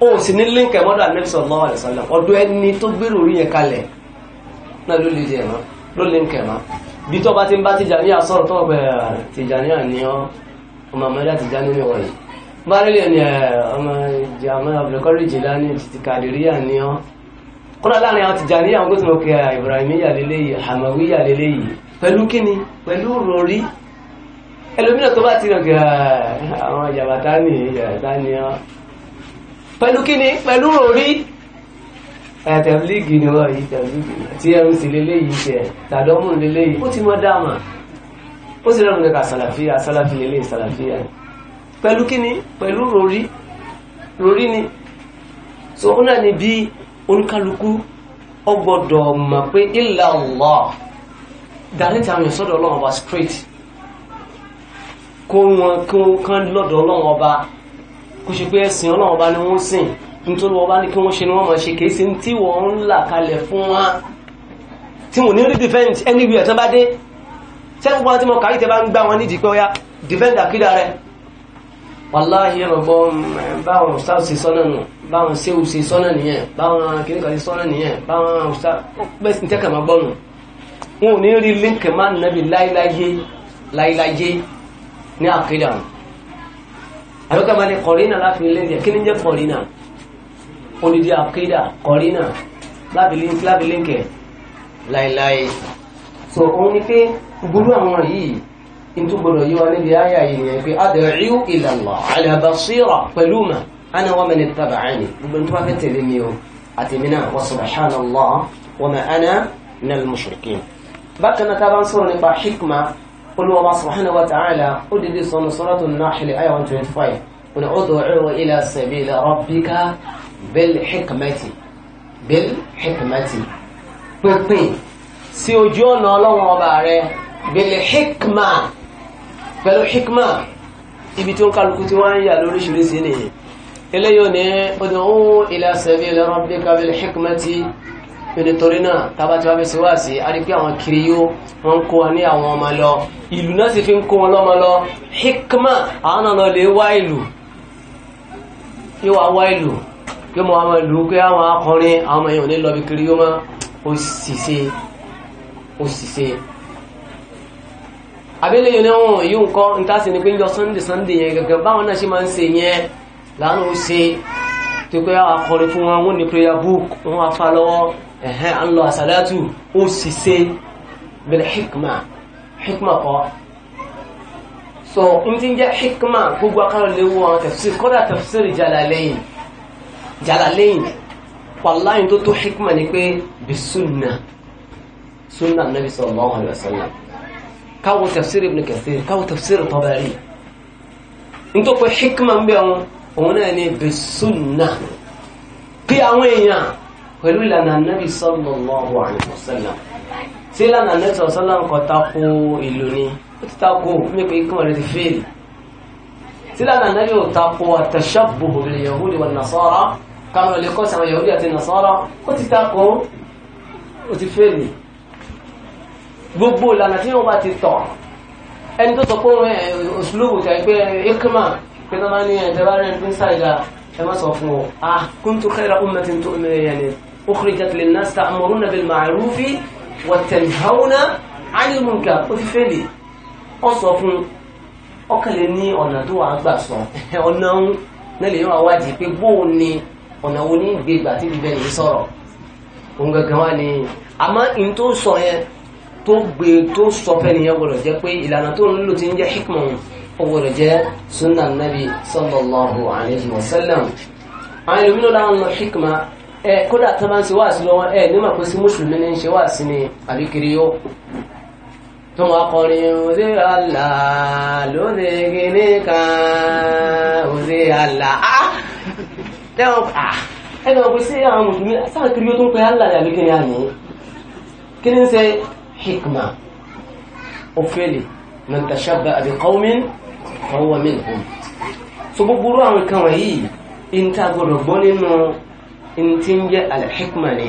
ó sì ní líǹkì ẹ̀mọ́dọ̀ Ànábì sallallahu alaihi wasallam ọdún ẹni tó gbèrò orí yẹn kalẹ̀ náà ló lè jẹ ẹ̀mọ́ ló líǹkì ẹ̀mọ́ bí tó bá ti ń bá Tìjàníyà sọ̀rọ̀ tó bẹ̀ Tìjàníyà ni ọ́ ọmọ àmọ́dá Tìjàní ni wọ̀nyí bá rí kọ́nà láàrin àwọn tìjà ní àwọn gómìnà kí ah, Ibrahimiyya lélẹ́yìí Hamawiyya lélẹ́yìí pẹ̀lú kíni pẹ̀lú rọrí ẹlòmínà tó bá ti rọ̀ kí ah, àwọn jàbátá ní jàbátá ní ọ pẹ̀lú kíni pẹ̀lú rọrí tẹ̀blígì ni wọ́n yìí tẹ̀blígì tí ẹrù sì lélẹ́yìí jẹ tàdọ́mù lélẹ́yìí ó ti mọ́ dáàmà ó sì rọrùn nípa sàlàfíà sàlàfí lélẹ́yìí sàlàfíà pẹ̀lú kíni pẹ̀lú rọrí rọrí ni so ó náà ni bíi oníkálukú ó gbọ́dọ̀ mọ̀ pé illa Allah direct àwọn èèyàn sọ́dọ̀ ọlọ́run ọba straight kó wọn kí wọn kán lọ́dọ̀ ọlọ́run ọba kó ṣe pé ẹ̀sìn ọlọ́run ọba ni wọ́n sìn nítorí ọba ní kí wọ́n ṣe ni wọ́n máa ṣe kìí sí tí wọ́n ń là kalẹ̀ fún wa tí wọ́n ní rí defend anywhere tán bá dé sẹ́yìn gbogbo àti mọ̀ kàrí tẹ bá ń gbá wọn nídìí pé ó defend àkídà rẹ̀ wàláhì rọ̀gbọ́n báwọn stars sọ́nà nù báwọn ṣéwù ṣe sọ́nà nìyẹn báwọn kìnnìkan ṣe sọ́nà nìyẹn báwọn ọ̀ṣà pẹ́sìn tẹ́kà máa gbọ́nù wọn ò ní rí líǹkì máa ń nàbí láíláyé láíláyé ní àkídà wọn àbíkà máa ní kọ̀rínà láfi lẹ́yìn kí ni jẹ́ kọ̀rínà olùdí àkídà kọ̀rínà láfi líǹkì láíláyé so òun ni pé gbúrú àwọn yìí ní tó gbọdọ̀ yíwa níbi ayà yìí ni pé ad'u ila Allah ala basira pẹ̀lú màá ana wa man ittaba'ani gbogbo ní tó bá fẹ́ tẹ̀lé mi o àti mi náà wa subhanallah wa ma ana minal mushrikin bákan náà tá a bá ń sọ̀rọ̀ nípa hikma olùwàwà subhanahu wa ta'ala ó dìde sọ̀nù suratu an-nahl àyà 125 òní ud'u ila sabili rabbika bil hikmati bil hikmati pépè sí ojú ọ̀nà ọlọ́wọ́n ọba rẹ bil hikma pẹ̀lú hikma ibi tó kálukú tí wọ́n ń yà lóríṣiríṣi nìyẹn eléyìí ni ud'u ila sabili rabbika bil hikmati nítorí náà tábà tí wọ́n fi síwá sí a rí pé àwọn kiri yóò wọ́n kó wọn ní àwọn ọmọ lọ ìlú náà sì fi ń kó wọn lọ́mọ lọ hikma àwọn ọ̀nà lè wá ìlú yóò wá wá ìlú kí wọ́n máa lù ú pé àwọn akọrin àwọn ọmọ èèyàn ní lọ́bi kiri yóò máa ó sì ṣe ó sì ṣe abẹ́lẹ́yìn náà yóò kọ́ ń ni pé ń lọ sunday sunday yẹn gẹ́gẹ́ báwọn náà ṣe máa ń ṣe yẹn láàánú ṣe tó pé akọrin fún wọn wọ́n ní prayer book wọ́n wá fa lọ́wọ́ ẹ̀hẹ́ à ń lọ àsàlátù ó sì ṣe bẹ̀rẹ̀ hikma hikma kọ́ so n ti jẹ́ hikma gbogbo akọ́rọ̀ léwu àwọn tafsir kọ́dà tafsir Jalalayn Jalalayn wàláyìn tó tó hikma ni pé bí sunna sunna nabi sallallahu alaihi wasallam káwọ tafsir ibn Kathir káwọ tafsir Tabari n pé hikma ń bẹ̀ òun náà ni bisunna pé àwọn èèyàn pẹ̀lú ìlànà anábì sallallahu alaihi wasallam tí ìlànà anábì sallallahu nǹkan tako ìlú ni ó ti tako mẹ́kọ̀ọ́ ikú rẹ̀ ti fèèrè tí ìlànà anábì ò tako at-tashabbuh bil yahudi wan nasara káwọn olè kọ́sí àwọn yahudi àti nasara ó ti tako ó ti fèèrè gbogbo ìlànà tí wọ́n bá ti tọ̀ ẹni tó sọ pé eh, òṣùlùbù tẹ̀ pé ikma pé tó bá ní ẹ̀ tẹ́bá rẹ̀ ń ṣàìdá ẹ má sọ fún ọ ah kuntu khayra ummatin yani ukhrijat linnas ta'muruna bil ma'rufi wa tanhauna 'anil munkar ó ti fẹ́lẹ̀ ọ sọ fún ọkàlẹ̀ ní ọ̀nà tó wà gbà sọ ọ̀nà ń nílẹ̀ yóò wájì pé bóun ni ọ̀nà wo ní ìgbégbà tí bíbẹ̀ yìí sọ̀rọ̀ òun gangan wá ní àmọ́ in tó sọ yẹn tó gbé tó sọ fẹ́ nìyẹn gbọ́dọ̀ jẹ́ pé ìlànà tó ń lò ti ń jẹ́ hikmọ̀ ọgbọ̀dọ̀ jẹ́ sunna nabi sallallahu alayhi wa sallam àwọn ìlú mìíràn láwọn lọ hikma ẹ kódà tó bá ń ṣe wáàsí lọ́wọ́ ẹ nígbà kó sí mùsùlùmí ní ṣe wáàsí ni àbí kiri yó tó ah, ah. wọn kọrin òde ah, àlà lóde gíní kan òde àlà á tẹ́wọ̀n pa ẹni ọ̀pọ̀ sí àwọn mùsùlùmí fọwọ́ mi nìkan so gbogbo àwọn nǹkan wọ̀nyí in ta gbọdọ̀ gbọ́ nínú in ti ń jẹ́ alhikma ni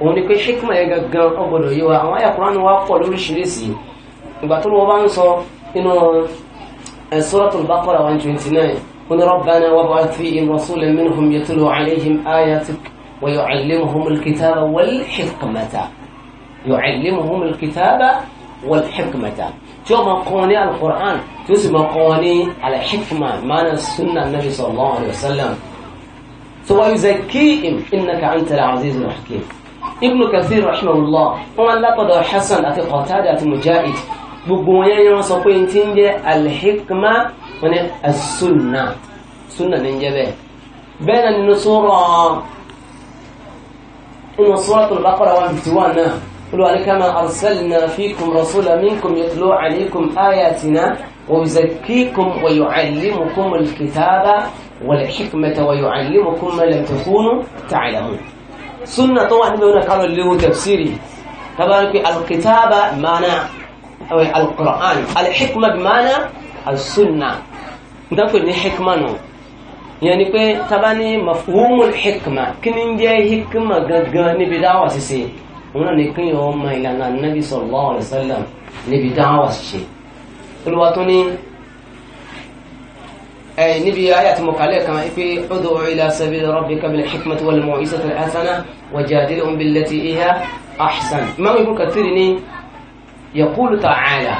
òun ni pé hikma yẹn gangan ó gbọdọ̀ yé wa àwọn àyà Kùránì wa pọ̀ lóríṣiríṣi ìgbà tó lọ́wọ́ bá ń sọ nínú eh, Suratul Baqara one twenty nine قل ربنا وابعث فيهم رسولا منهم يتلو عليهم آياتك ويعلمهم الكتاب والحكمة يعلمهم الكتاب wal hikmata tí ó máa kọ́ ní alukur'an tí ó sì máa kọ́ ní alhikma maana sunna nabi sallallahu alayhi wa sallam tó wáyé zakihim innaka antal azizul hakim ibnu kathir rahimahullah wọn lápọ̀dọ̀ hasan àti qatada àti mujahid gbogbo wọn yẹn wọn sọ pé n ti ń jẹ alhikma wọn ni asunna sunna ni ń jẹ bẹ́ẹ̀ bẹ́ẹ̀ náà nínú sura nínú suratul baqara one fifty one náà. قلوا كما أرسلنا فيكم رسولا منكم يتلو عليكم آياتنا ويزكيكم ويعلمكم الكتاب والحكمة ويعلمكم ما لم تكونوا تعلمون سنة طبعا هنا قالوا اللي هو تفسيري طبعا الكتابة معنى أو القرآن الحكمة بمعنى السنة نقول حكمة يعني كي طبعا مفهوم الحكمة كن جاي حكمة قد قد نبدا وسيسي òun náà ní kí wọn mọ ìlànà anábì sallallahu alaihi wasallam níbi dáhàwà ṣe olùwà tó ní ẹ níbi ayé àti mọ̀kálẹ̀ kan pé ud'u ila sabili rabbika bil hikmati wal mau'izati al hasana wajadilhum billati hiya ahsan imam ibn kathir ni yaqulu ta'ala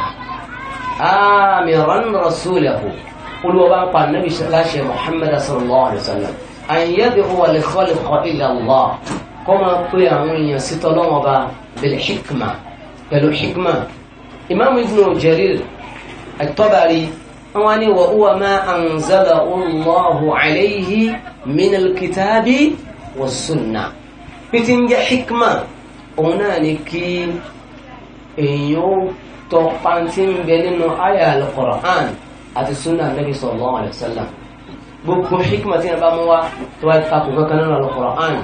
amiran rasulahu olùwà bá ń pa anábì láṣẹ muhammad sallallahu alaihi wasallam an yad'u wal khalqa ila allah kọ́ máa pé àwọn èèyàn sí tọ́lọ́wọ́n bá bil hikma pẹ̀lú hikma imaamu ibnu jarir at-tabari àwọn ni wa huwa ma anzala Allahu alayhi min al-kitabi wa sunna pété ń jẹ́ hikma òun náà ni kí èèyàn ó tọ pàǹtí ń bẹ nínú àyà al àti sunna nabi sallallahu alayhi gbogbo hikma tí wọn bá mú wa tó wáyé kakùn kankan nínú al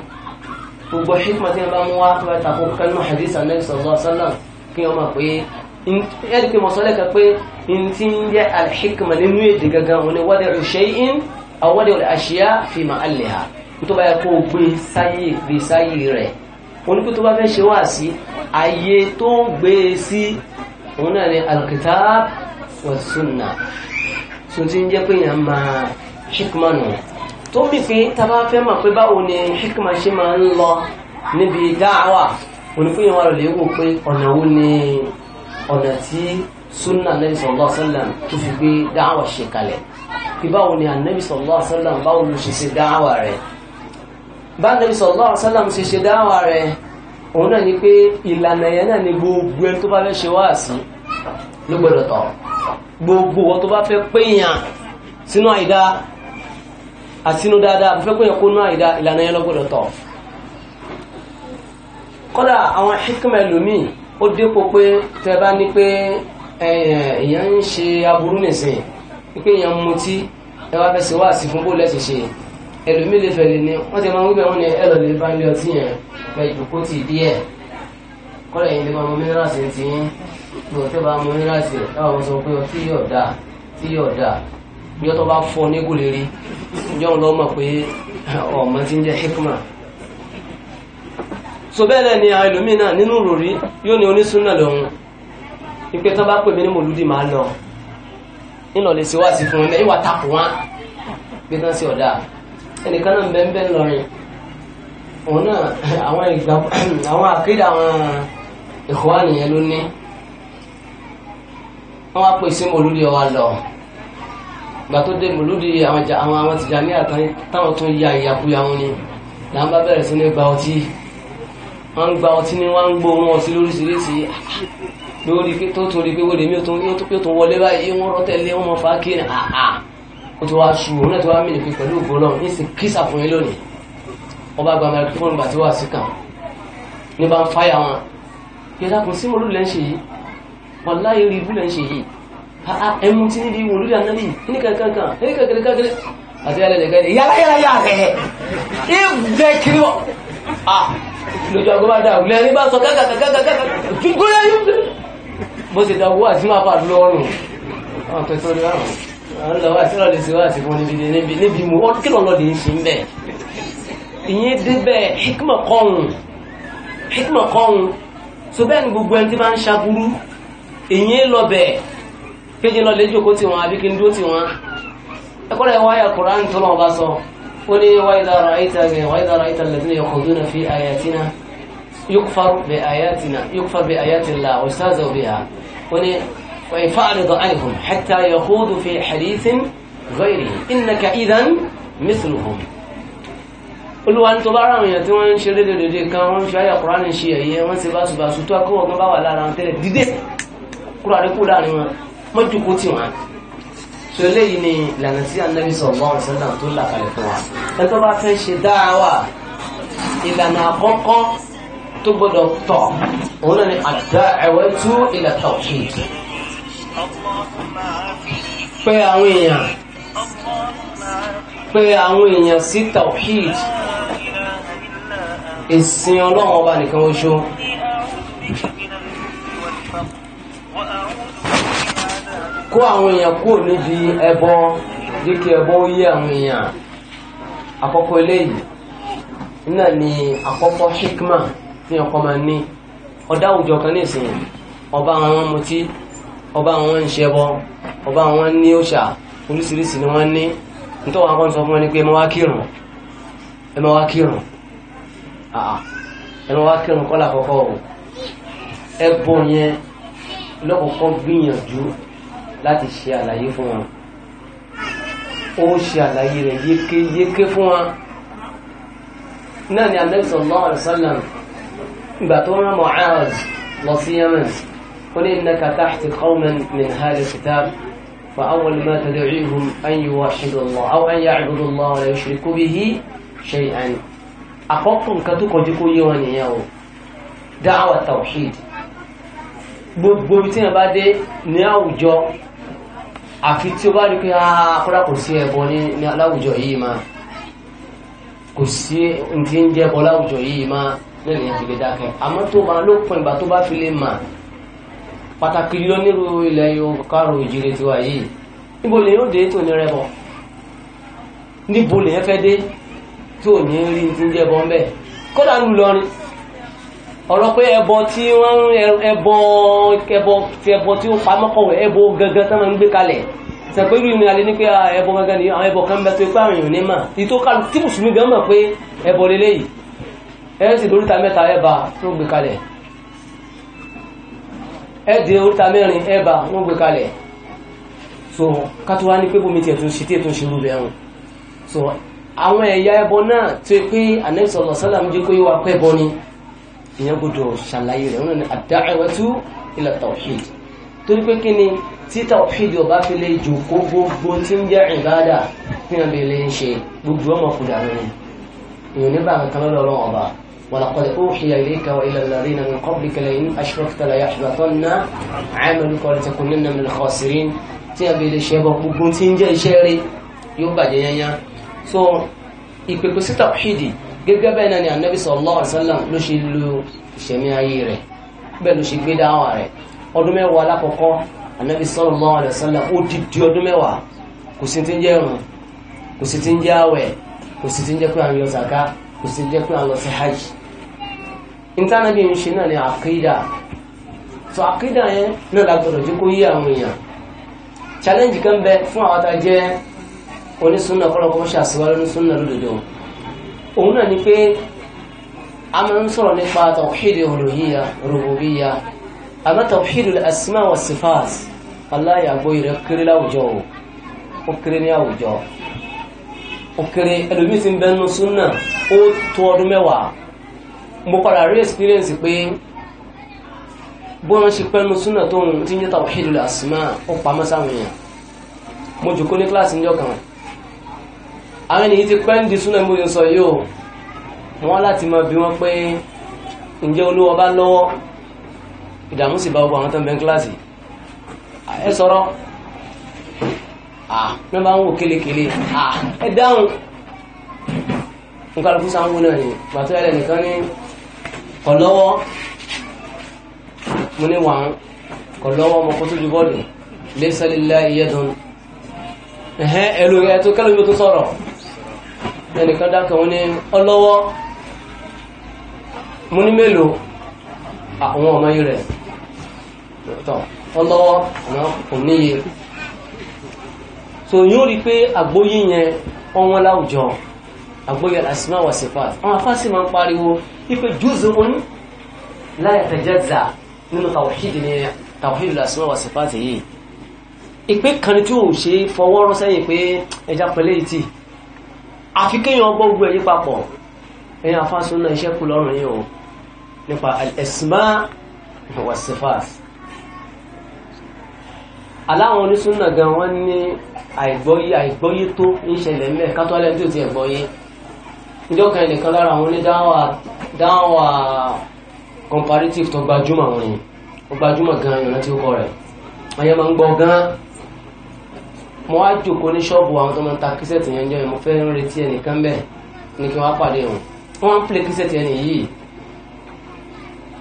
gbogbo hikma tí wọ́n bá mú wá tó bá takò kánú hadith anabi sallallahu alaihi wasallam kí wọ́n máa pé ẹni pé mọ̀sọ́lẹ̀ kan pé n ti ń jẹ́ alhikma nínú èdè gangan òun ni wad'u shay'in aw wad'u al-ashya fi mahalliha tó bá yẹ kó gbé sáyé gbé sáyé rẹ̀ òun kí tó bá fẹ́ ṣe wá sí ayé tó ń gbé e sí òun náà ni al wa sunnah tó ti ń jẹ́ pé yẹn máa hikma nù tó ń bì pé tàbá fẹ́ mọ̀ pé báwo ni hikma ṣe máa ń lọ níbi dáàwà onífúnyẹ̀wà rẹ̀ lè wò pé ọ̀nà wo ni ọ̀nà tí sunna anabi sallallahu alaihi wasallam tó fi gbé dáàwà ṣe kalẹ̀ kí báwo ni anabi sallallahu alaihi wasallam báwo ló ṣe ṣe dáàwà rẹ̀ bá anabi sallallahu alaihi wasallam ṣe ṣe dáàwà rẹ̀ òun náà ni pé ìlànà yẹn náà ni gbogbo ẹni tó bá fẹ́ ṣe wáàsí ló gbọdọ̀ tọ̀ gbogbo wọn tó bá fẹ́ péyàn sínú àìdá àsínú dáadáa àbúfẹ́ pé ẹ̀kọ́ náà ìdá ìlànà yẹn lọ́gbọ̀dọ̀ tọ̀ kọ́dà àwọn hikima ẹlòmíì ó dépò pé tẹ bá ní pé èèyàn ń ṣe aburú nìsín pé èèyàn mutí ẹ wá fẹ́ ṣe wá bó lẹ́sẹ̀ ṣe ẹlòmíì lè fẹ̀lẹ̀ ni wọ́n ti máa ń wíbẹ̀ wọ́n ni ẹ lọ lè bá ilé ọtí yẹn fẹ ìdòkó ti díẹ̀ kọ́dà yìí lè máa mú mínírààsì ti yín lọ́wọ́ tẹ́ bá mú mínírààsì wà wọ́n sọ pé ọtí yóò dáa tí yóò dáa bí ọtọ́ bá fọ ní gòlè rí ìjọun lọ mọ̀ pé ọmọ ti hikma so bẹ́ẹ̀ ni àwọn ẹlòmíì náà nínú ròrí yóò ní onísúnà lòun ipe tán bá pè mí ní mòlúdì máa lọ nílò lè ṣe wá sí fún ẹ ìwà takò wá gbé tán sí ọ̀dà ẹnìkan náà bẹ́ẹ̀ bẹ́ẹ̀ lọrin òun náà àwọn ìgbà àwọn àkéde àwọn ìkọ́wá nìyẹn ló ní wọ́n wá pè sí mòlúdì ọ̀wá lọ gbà tó dé mòlúdi àwọn àwọn tìjàní àtàyè táwọn tún ya ìyàkuyà wọn ni là ń bá bẹ̀rẹ̀ sí ní gba ọtí wọ́n ń gba ọtí ni wọ́n ń gbó wọn ọtí lóríṣiríṣi lórí pé tó tún rí pé wọ́n lè mí tó tó wọlé báyìí wọ́n rọ́tẹ̀lé wọn mọ̀ fàákì ní àhà ó ti wá ṣù òun náà ti wá mí nìpe pẹ̀lú ògbó lọ́run ní sì kísà fún yín lónìí ọba gba microphone gbà tí wà sí kàn ní bá ń fáyà wọn yẹ dákun sí lẹ́ ń ṣe yìí wàláyé rí ibú lẹ́ ń ṣe yìí Ah, ah, ẹmu tí níbi wòlú rẹ̀ anábì ní kankankan ní kankankan àti alẹ́lẹ́gẹ́ ni yàrá yàrá yà rẹ̀ ẹ gbẹ kiri wọ. Ah, lójú agbóbá dà wùlẹ̀ ní bá sọ kankankankankan gúnlẹ̀ yìí. bó ṣe ta owó àti máa fà lọ́rùn àwọn tó tó rí àrùn àwọn lọ́wọ́ àti lọ́ọ̀lì sí wá àsìkò níbi níbi níbi mú wọn kí lọ́ọ̀lọ́ lè ṣe ń bẹ̀. ìyẹn débẹ̀ hikma kọ́hún hikma kọ́hún so bẹ́ẹ̀ ni gbogbo ẹni tí bá ń ṣaburú ìyẹn lọ bẹ́ẹ̀ kéjì lọ lé jòkó tí wọn àbí kí n dúró tí wọn ẹkọ́ rẹ̀ wáyà kùránì tó lọ́wọ́ bá sọ ó ní wáyà ràìtà gẹ̀ wáyà ràìtà lẹ́tìnà yọkọ̀dúnà fi àyàtìnà yukfaru bi ayatina yukfaru bi ayatillah ustazu biha ó ní فيفعرض عنهم حتى يخوضوا في حديث غيره إنك إذا مثلهم olúwa ní tó bá ráwọn èèyàn tí wọ́n ń ṣe lédèdèdè kan wọ́n ń fi ayà kùránì ṣe ẹ̀yẹ wọ́n sì bá ṣùgbà ṣùtọ́ kí wọ́n bá wà lára tẹ́lẹ̀ dídé kúrò àríkù mọ́jòkó tì wọ́n sọ eléyìí ni ìlànà tí anabi sallallahu alaihi wasallam tó là kalẹ̀ fún wa ẹni tó bá fẹ́ ṣe dáwà ìlànà àkọ́kọ́ tó gbọdọ̀ tọ̀ òun náà ni ad-da'watu ila tawhid pé àwọn èèyàn pé àwọn èèyàn sí tawhid ìsìn ọlọ́run ọba nìkan oṣù kó àwọn èèyàn kúrò níbi ẹbọ jẹ́ kí ẹbọ ó yé àwọn èèyàn àkọ́kọ́ eléyìí náà ni àkọ́kọ́ hikma ní ọkọ máa ní ọ̀dá àwùjọ kan nísìnyí ọba àwọn mutí ọba àwọn ń ṣẹbọ ọba àwọn ní òṣà oríṣiríṣi ni wọ́n ní nítorí wọn kọ́ ń sọ fún wọn ni pé ẹ máa wá kírun ẹ máa wá kírun ẹ máa wá kírun kọ́ làkọ́kọ́ o ẹ bọ̀ yẹn lọ́kọ̀ọ́kọ́ gbìyànjú láti ṣe àlàyé fún wọn ó ṣe àlàyé rẹ̀ yékéyéké fún wọn náà ni Ànábì sallallahu alaihi wasallam ìgbà tó rán Mu'az lọ sí Yemen ó ní innaka tahti qawman min ahli kitab فأول ما تدعيهم أن يوحدوا الله أو أن يعبدوا الله ولا يشركوا به شيئا àkọ́kùn kan tó kọjú kó yé wọn nìyẹn o dáwà tawhid gbogbo tí wọn bá dé ní àwùjọ afi ti o ba di pi a kodakoro ni alawujo yi ma ko si ntindebola ujo yi ma nene jibida ke amoto ma lo pinba to ba fi le ma pataki lilo niro ile yi karo yi re ti wa yi i ibo le yio de to ni rebo ni ibo nyefede to ni nri ntindebola nbe kodaru lori ọ̀rọ̀ pé ẹbọ tí wọ́n ẹbọ ẹbọ ti ẹbọ tí ó pamọ́kọ̀wé ẹbọ gangan tán máa ń gbé kalẹ̀ sẹ̀pẹ́ ìlú ìrìn alẹ́ ní pé ah, ẹbọ gangan ni àwọn ẹbọ kan bẹ tó pé àwọn èèyàn ní mà tí tó kálù tí mùsùlùmí gan mọ̀ pé ẹbọ lélẹ̀ yìí ẹ sì lóríta mẹ́ta ẹbà tó gbé kalẹ̀ ẹ dé oríta mẹ́rin ẹbà wọ́n gbé kalẹ̀ so kátó wá ní pé bómi tiẹ̀ tó ṣe tiẹ̀ tó ṣe rú bẹ́ẹ̀ so àwọn ẹ̀yà ẹbọ náà tó pé ànẹ́sọ̀lọ́sálàmù jẹ́ kó yíwa pẹ́ bọ́ ni èèyàn gbọdọ̀ ṣàlàyé rẹ̀ wọn ni ad-da'watu ila tawhid torí pé kí ni tí tawhid ọba fi lè jòkó gbogbo tí ń jẹ́ ìbáàdà fi hàn bèèrè ń ṣe gbogbo ọmọ kùdà lónìí èèyàn nígbà kan lọ́dọ̀ ọlọ́run ọba ولقد أوحي إليك وإلى الذين من قبلك لئن أشركت ليحبطن عملك ولتكونن من الخاسرين tí a bèèrè ṣe bọ̀ gbogbo tí ń jẹ́ iṣẹ́ rí yóò bàjẹ́ yányá so ìpèpè sí tàwíìdì gẹ́gẹ́ bẹ́ẹ̀ náà ni anabi sallallahu alaihi wasallam ló ṣe lo ìṣẹ̀mí ayé rẹ̀ bẹ́ẹ̀ ló ṣe gbé dáwà rẹ̀ ọdún mẹ́wàá alákọ̀ọ́kọ́ anabi sallallahu alaihi wasallam ó di di ọdún mẹ́wàá kò sí ti ń jẹ́ ẹ̀rùn kò sí ti ń jẹ́ àwẹ̀ kò sí ti ń jẹ́ pé à ń yọ zaka kò sí ti ń jẹ́ pé à ń lọ sí hajj ìtànàbí ń ṣe náà ni àkídà so àkídà yẹn náà lágbọ́dọ̀ jẹ́ kó yí àwọn èèyàn challenge kan bẹ fún àwọn tá jẹ́ onísúnà kọ́lọ́kọ́ ṣàṣìwá lónísúnà lódodo òun náà ni pé a máa ń sọ̀rọ̀ nípa tawhid uluhiyya rububiyya àmọ́ tawhid al-asma wa aláyà àgbóyè rẹ̀ kéré láwùjọ o ó kéré ní àwùjọ ó kéré ẹlòmíì ti ń bẹnu súnà ó tó ọdún mẹ́wàá mo padà rí experience pé bọ́n ṣe súnà ń jẹ́ ó pamọ́ sáwọn èèyàn mo jòkó ní kíláàsì níjọ́ àwọn ènìyàn ti pẹ́ ń di súnà ìmúlẹ̀ sọ yóò wọ́n láti máa bí wọ́n pé ǹjẹ́ olówó bá lọ́wọ́ ìdààmú sì bá gbogbo àwọn tó ń bẹ kíláàsì ẹ sọ̀rọ̀ ní bá ń wò kélekèle ẹ dáhùn nǹkan fúnṣà ń wò náà ni pàtó ẹ̀rẹ̀ nìkan ní kọ̀ lọ́wọ́ mo ní wàá kọ̀ lọ́wọ́ ọmọ kó tó ju bọ́ọ̀lù lẹ́sẹ̀lélá ìyẹ́dùn ẹ̀hẹ́ ẹ̀lú ẹ̀ tó kẹ́lómi tó sọ̀rọ̀ ẹnìkan dákan wọn ní ọlọ́wọ́ mo ní mélòó àwọn ọmọ yìí rẹ̀ tọ́ ọlọ́wọ́ kò níye so yóò rí pé àgbóyé yẹn ọwọ́n láwùjọ àgbóyé àsìmá wà sí fàá àwọn afásí máa ń pariwo ipe jùzọ wọn láyà tẹjẹza nínú tàwọ̀hídì ní tàwọ̀hídì àsìmá wà sí fàá tèyí ìpé kan tí ó ṣe fọwọ́rọ́ sẹ́yìn pé ẹja pẹ̀lẹ́ àfi kéèyàn ọgbọ́n gbogbo ẹ̀yí papọ̀ ẹ̀yìn afásun náà iṣẹ́ kù lọ́rùn yìí nípa al-asma wa sifat aláwọn onísúnnà gan wọ́n ní àìgbọ́yé àìgbọ́yé tó ń ṣẹlẹ̀ mẹ́ kátó alẹ́ tó ti ẹ̀gbọ́yé ìjọ kan ẹnìkan lára àwọn onídáwà dáwà comparative tó gbajúmọ̀ wọ̀nyí ó gbajúmọ̀ gan ìrántí ó kọ rẹ̀ wọ́n máa ń gbọ́ gan mo wá jòkó ní ṣọ́ọ̀bù àwọn tó máa ń ta kíṣẹ́ẹ̀tì yẹn jọ yẹn mo fẹ́ ń retí ẹnìkan bẹ́ẹ̀ ni kí wọ́n á pàdé òun wọ́n ń pè kíṣẹ́ẹ̀tì ẹni yìí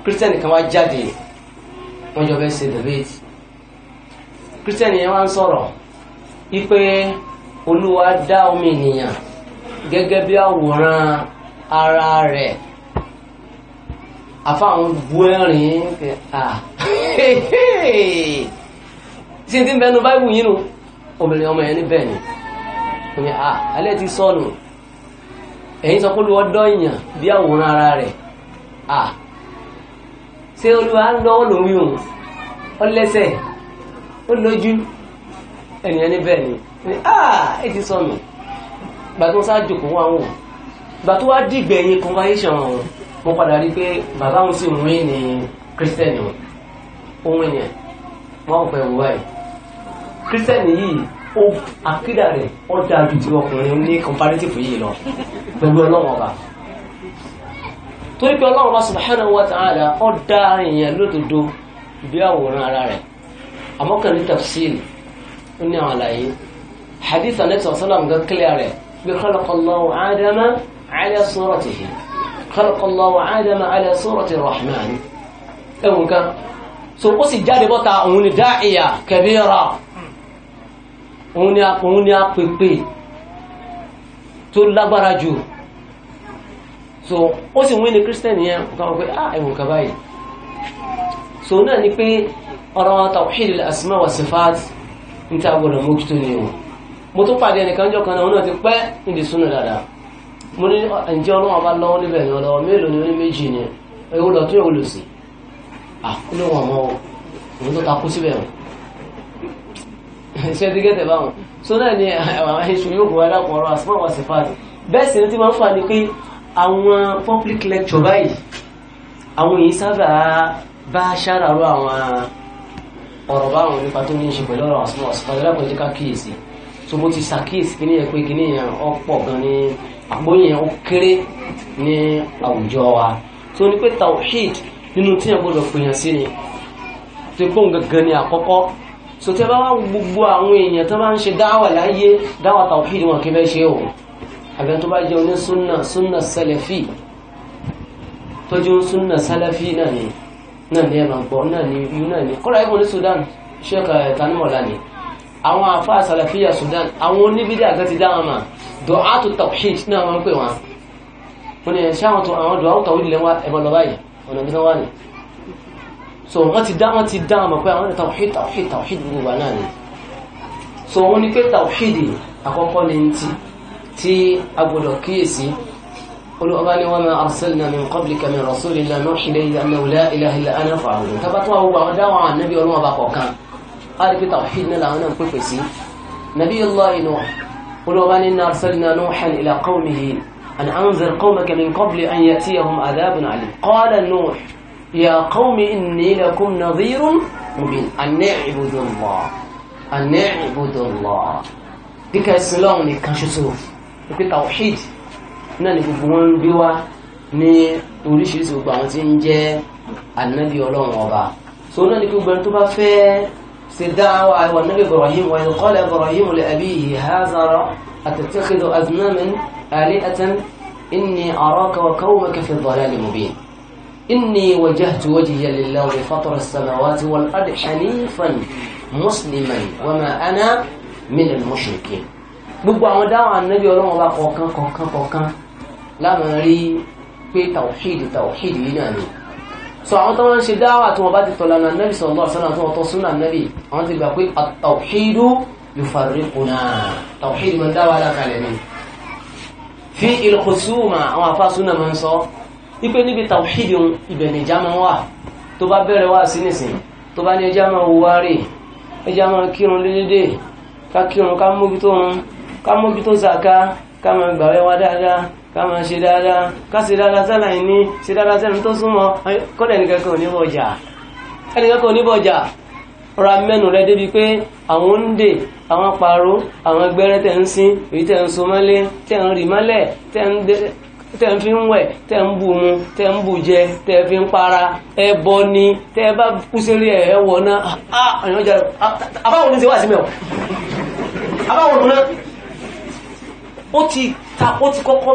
kírísítẹ́nì kan wá jáde wọ́n jọ fẹ́ ṣe debate kírísítẹ́nì yẹn wá ń sọ̀rọ̀ wípé olúwa dá omi ènìyàn gẹ́gẹ́ bí àwòrán ara rẹ̀ àfáwọn bu ẹ̀rín kẹ́ ah, à ṣé ti ń bẹnu báìbù yín nù obìnrin ọmọ yẹn níbẹ̀ ni omi à ah, alẹ́ ti sọnù ẹ̀yin sọ pé olúwa dọ́ èèyàn bí àwòrán ara rẹ̀ à ah, ṣé olúwa ń lọ́wọ́ lórí òun ó lẹ́sẹ̀ ó lójú ènìyàn níbẹ̀ ni ni à ah, ẹ ti sọnù gbà tó ń sá jòkó wọn àwọn gbà tó wá dìgbẹ̀yìn conversation ọ̀hún mo padà rí i pé bàbá òun sì ń rí ni christian òun ìyẹn wọn ò fẹ́ wọ báyìí kírísítẹ́nì yìí ó àkídà rẹ̀ ó da ju ti ọkùnrin ní comparative yìí lọ pẹ̀lú ọlọ́run ọba torí pé ọlọ́run ọba subhanahu wa ta'ala ó dá èèyàn lódodo bí àwòrán ara rẹ̀ àmọ́ kàn ní tafsir ó ní àwọn àlàyé hadith anabi sallam gan kílẹ̀ rẹ̀ bí khalaqallahu adama ala suratihi khalaqallahu adama ala surati rahman ẹ̀wùn kan so ó sì jáde bọ́ta òun ni dáìyà kabira òun ni òun ni apèpè tó lágbára jù so ó sì wí ni, christian yẹn nǹkan wọn pé ah ẹ̀wọ̀n kaba yìí so náà ni pé ọ̀rọ̀ tawhidil asma wa sifat ní tí a gbọ́dọ̀ mójútó ni o mo tó pàdé ẹnìkan jọ kan náà òun náà ti pẹ́ nídìí súnú dáadáa mo ní ǹjẹ́ ọlọ́wọ́ bá lọ́wọ́ níbẹ̀ ní ọlọ́wọ́ mélòó ni oní méjì ni ewu lọ tún ewu ah ó lóun àmọ́ òun tó takú síbẹ̀ o ṣe ti gẹ́tẹ̀ báwọn so náà ni àwọn ẹṣù yóò kó wáyé ọ̀rọ̀ àsìmọ́ àwọn sífàtì bẹ́ẹ̀ sì ni ti máa ń fà ní pé àwọn public lecture hmm. báyìí àwọn èyí sábà bá ṣàràrọ̀ àwọn ọ̀rọ̀ báwọn nípa tó ní í ṣe pẹ̀lú ọ̀rọ̀ àsìmọ́ àsìfàtì lápẹ̀lú jẹ́ ká kíyèsí so mo ti ṣàkíyèsí kí ní yẹn pé kí ní yẹn ọ̀pọ̀ gan ni àpòyìn ó kéré ní àwùjọ wa so ní pé tawhid nínú tí yẹn gbọdọ̀ pèèyàn sí ni tó gbóhùn ni àkọ́kọ́ so tẹ́ bá wá gbogbo àwọn èèyàn tó bá ń ṣe dáwà láyé dáwà tawhid wọn kí bẹ́ ṣe o àbẹ́ tó bá jẹ́ oní súnà súnà sẹlẹ̀fì tó jẹ́ súnà sẹlẹ̀fì náà ni ẹ̀mà gbọ́ náà ni yú náà ni kọ́lá ẹ̀kọ́ ní Sudan sheikh eh, tanimola ni àwọn afá sàlàfíà Sudan àwọn oníbídà àti ti dáwọn mà du'atu tawhid náà wọ́n pè wọn wọ́n ni ṣáwọn tó àwọn du'atu tawhid lẹ́wọ́ ẹ̀bọ̀ so wọ́n ti dá wọ́n ti dá àmọ̀ pé àwọn ní tawhid tawhid tawhid gbogbo wà náà ni so wọ́n ní pé tawhid àkọ́kọ́ ni ti tí a gbọ́dọ̀ kíyèsí olùwọ́bá ni wọ́n máa arsalna min qablika min náà làwọn náà pèpè sí nabiyullahi يا قوم إني لكم نظير مبين أن نعبد الله أن نعبد الله ديك السلام نكان شسوف نكي توحيد náà ni gbogbo wọn ń gbé wá ní oríṣiríṣi gbogbo àwọn tí ń jẹ́ ànábì ọlọ́run ọba so náà ni gbogbo ẹni tó bá fẹ́ ṣe dáwà àwọn ànábì Ibrahim wa idh qala Ibrahim li abihi hazara atattakhidhu asnaman alihatan inni araka wa qawmaka fi dhalalin mubin إني وجهت وجهي لله فطر السماوات والأرض حنيفا مسلما وما أنا من المشركين gbogbo àwọn dáwọn ànábì ọlọ́wọ́n bá kọ̀ọ̀kan kọ̀ọ̀kan kọ̀ọ̀kan láàmú rí pé tàwíìdì tàwíìdì yìí náà ni so àwọn tó wọ́n ń ṣe dáwà tí wọ́n bá ti tọ̀lá náà nẹ́bì sọ̀rọ̀ sọ́nà tó wọ́n tọ́ súnà nẹ́bì àwọn ti gbà pé yufarriquna tàwíìdì máa ń dáwà lákàlẹ̀ ni fi ìlkùsùmà àwọn afásúnà máa ń sọ ipe níbi tàwíìdì ibẹ̀ nìjà máa wà tó bá bẹ̀rẹ̀ wá sí nìsín tó bá ní ẹjá máa wá rè ẹjá máa kírun lédè ká kírun ká mójútó run ká mójútó zaka ká máa gbàwẹ̀ wá dáadáa ká máa ṣe dáadáa ká ṣe dáadáa sálà ìní ṣe dáadáa sẹ́ni tó súnmọ́ kọ́lẹ̀ nìkan kan ò ní bọ̀jà ẹnìkan kan ò ní bọ̀jà ra mẹ́nu rẹ débi pé àwọn ń àwọn pààrọ̀ àwọn gbẹ́rẹ́ tẹ̀ ń sin èyí tẹ̀ ń so mọ́lé tẹ̀ ń rì mọ́lẹ̀ tẹ̀ ń tẹ́ ń fi ń wẹ̀ tẹ́ ń bu mu tẹ́ ń bu jẹ tẹ́ fi ń para ẹbọ ni tẹ́ bá kú sílé ẹ̀ ẹ wọ̀ náà àyàn jà abáwọn ní ti wà sí mẹ́wọ̀ abáwọn lóná ó ti ta ó ti kọ́kọ́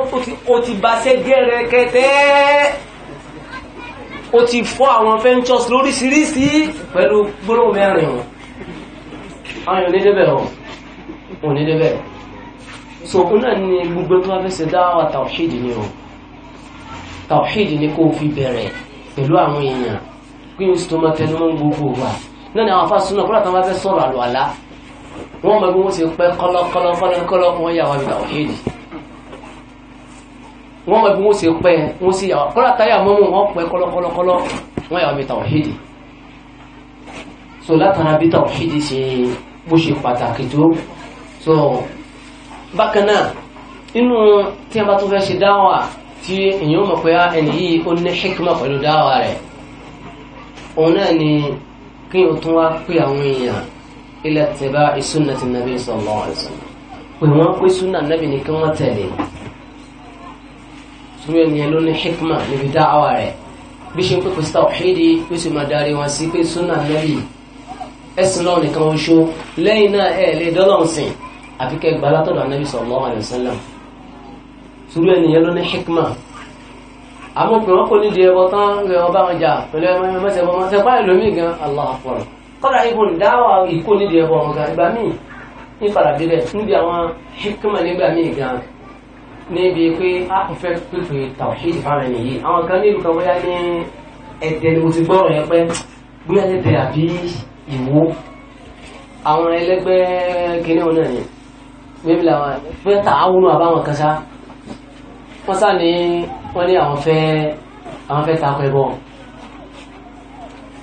ó ti bá sẹ́ gẹ́rẹ́kẹ́tẹ́ ó ti fọ́ àwọn ventures lóríṣiríṣi pẹ̀lú gbólóhùn mẹ́rin wọn àwọn èèyàn ní débẹ̀ wọn ò ní débẹ̀ wọn so òun náà ni gbogbo tó wá dáwà tawhid ni o tawhid ni kó fi bẹ̀rẹ̀ pẹ̀lú àwọn èèyàn kí n sọ ma tẹnu gbogbo wa náà ni àwọn afásùn náà kúrò àtàwọn fẹ́ sọ̀rọ̀ àlọ́ àlá wọ́n mọ bí wọ́n ṣe pẹ́ kọ́lọ́kọ́lọ́ kọ́lọ́kọ́lọ́ wọ́n yà wá bí tawhid wọ́n mọ bí wọ́n ṣe pẹ́ wọ́n sì yà wá kọ́lá táyà mọ́mú wọ́n pẹ́ kọ́lọ́kọ́lọ́kọ́lọ́ wọ́n yà wá bí tawhid so so bákan náà inú tí a bá tún fẹ́ ṣe dáwà tí èyàn mọ̀ pé ah, ẹni yìí ó ní hikima pẹ̀lú dáwà rẹ̀ òun náà ni kí o tún wá pé àwọn èèyàn ila ittiba'i sunnati nabi sallallahu alaihi wasallam pé wọ́n pé súnà nàbì ní kí wọ́n tẹ̀lé sórí ènìyàn ló ní hikima níbi dáwà rẹ̀ bí ṣe ń pè pèsè tawhidi bí ṣe máa darí wọn sí pé súnà nàbì ẹ̀sìn lọ́wọ́ nìkan oṣù lẹ́yìn náà ẹ̀ lè dọ́lọ́sìn àfi kẹ́ gba látọ̀dọ̀ anábì sallallahu alaihi wasallam sùúrù ẹnìyẹn ló ní hikma àmọ́ pé wọ́n kò ní di ẹbọ tán ń rẹ ọba wọn jà pẹ̀lú ẹmọ ẹmọ mẹsẹ̀ bọ́ mọ́sẹ̀ báyìí lómi gan Allahu akbar kọ́dà ibo dáwà ìkó ní di ẹbọ wọn gan ìgbà míì ní fàràdé rẹ̀ níbi àwọn hikma nígbà míì gan níbi pé a kò fẹ́ bẹ́ẹ̀ bí àwọn bẹ́ẹ̀ tà áwùnú àbáwọn kan sá wọ́n sá ní wọ́n ní àwọn fẹ́ àwọn fẹ́ takọ ẹbọ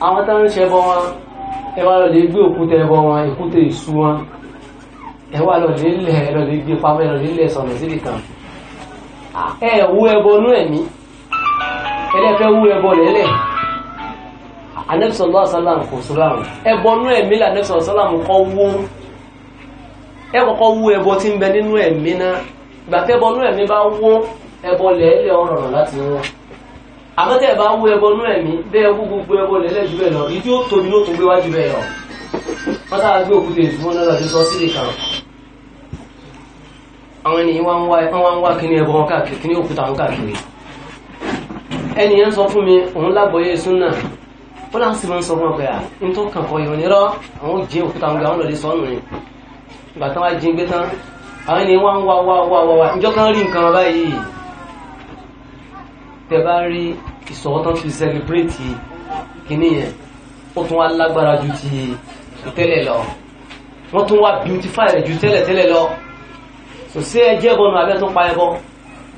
àwọn tó ń ṣẹbọ wọn ẹ wá lọ lè gbé òkúta ẹbọ wọn èkúta èṣù wọn ẹ wá lọ lè lẹ ẹ lọ lè gbé pamọ́ ẹ lọ lè lẹ sọ̀nà síbi kan ẹ wú ẹbọ nú ẹ̀mí ẹlẹ́fẹ́ wú ẹbọ lẹ́lẹ̀ anẹ́bísọ̀lọ́ àsálàmù kò sọ́làmù ẹbọ nú ẹ̀mí lànẹ́bísọ̀lọ́ àsálàmù kọ́ wó ẹ kọ́kọ́ wú ẹbọ tí ń bẹ nínú ẹ̀mí náà ìgbà tẹ́bọ nínú ẹ̀mí bá wó ẹbọ lẹ́ẹ̀lẹ́ ọ̀rọ̀ láti wọ́n àbẹ́tẹ̀ bá wú ẹbọ nínú ẹ̀mí bẹ́ẹ̀ wú gbogbo ẹbọ lẹ́lẹ́ jù bẹ́ẹ̀ lọ ìdí ó tóbi ló tó gbé wájú bẹ́ẹ̀ lọ wọ́n tá a gbé òkúta ìdúró náà lọ́dún sọ sílẹ̀ kan àwọn ènìyàn wá ń wá ẹ̀fọ́n wá ń wá kíní ẹbọ wọn káàkiri kíní òkúta wọn káàkiri ẹnìyàn sọ fún mi òun lágbọ̀ọ́yé súnà ó láti máa ń sọ fún ọkọ̀ yà ń tó kàn kọ́ ìrònírọ́ àwọn ò òkúta wọn gbà wọn lọ́dún sọ́nù ni ìgbà tán wá jí gbé tán àwọn ènìyàn wá ń wá wá wá wá wá ìjọ kan rí nǹkan báyìí tẹ bá rí ìsọ̀wọ́ tán fi sẹlẹbírẹ́tì kìíní yẹn ó tún wá lágbára ju ti tẹ́lẹ̀ lọ wọ́n tún wá beautify rẹ̀ ju tẹ́lẹ̀ tẹ́lẹ̀ lọ kò sí ẹjẹ́ ẹbọ nù abẹ́ tó pa ẹbọ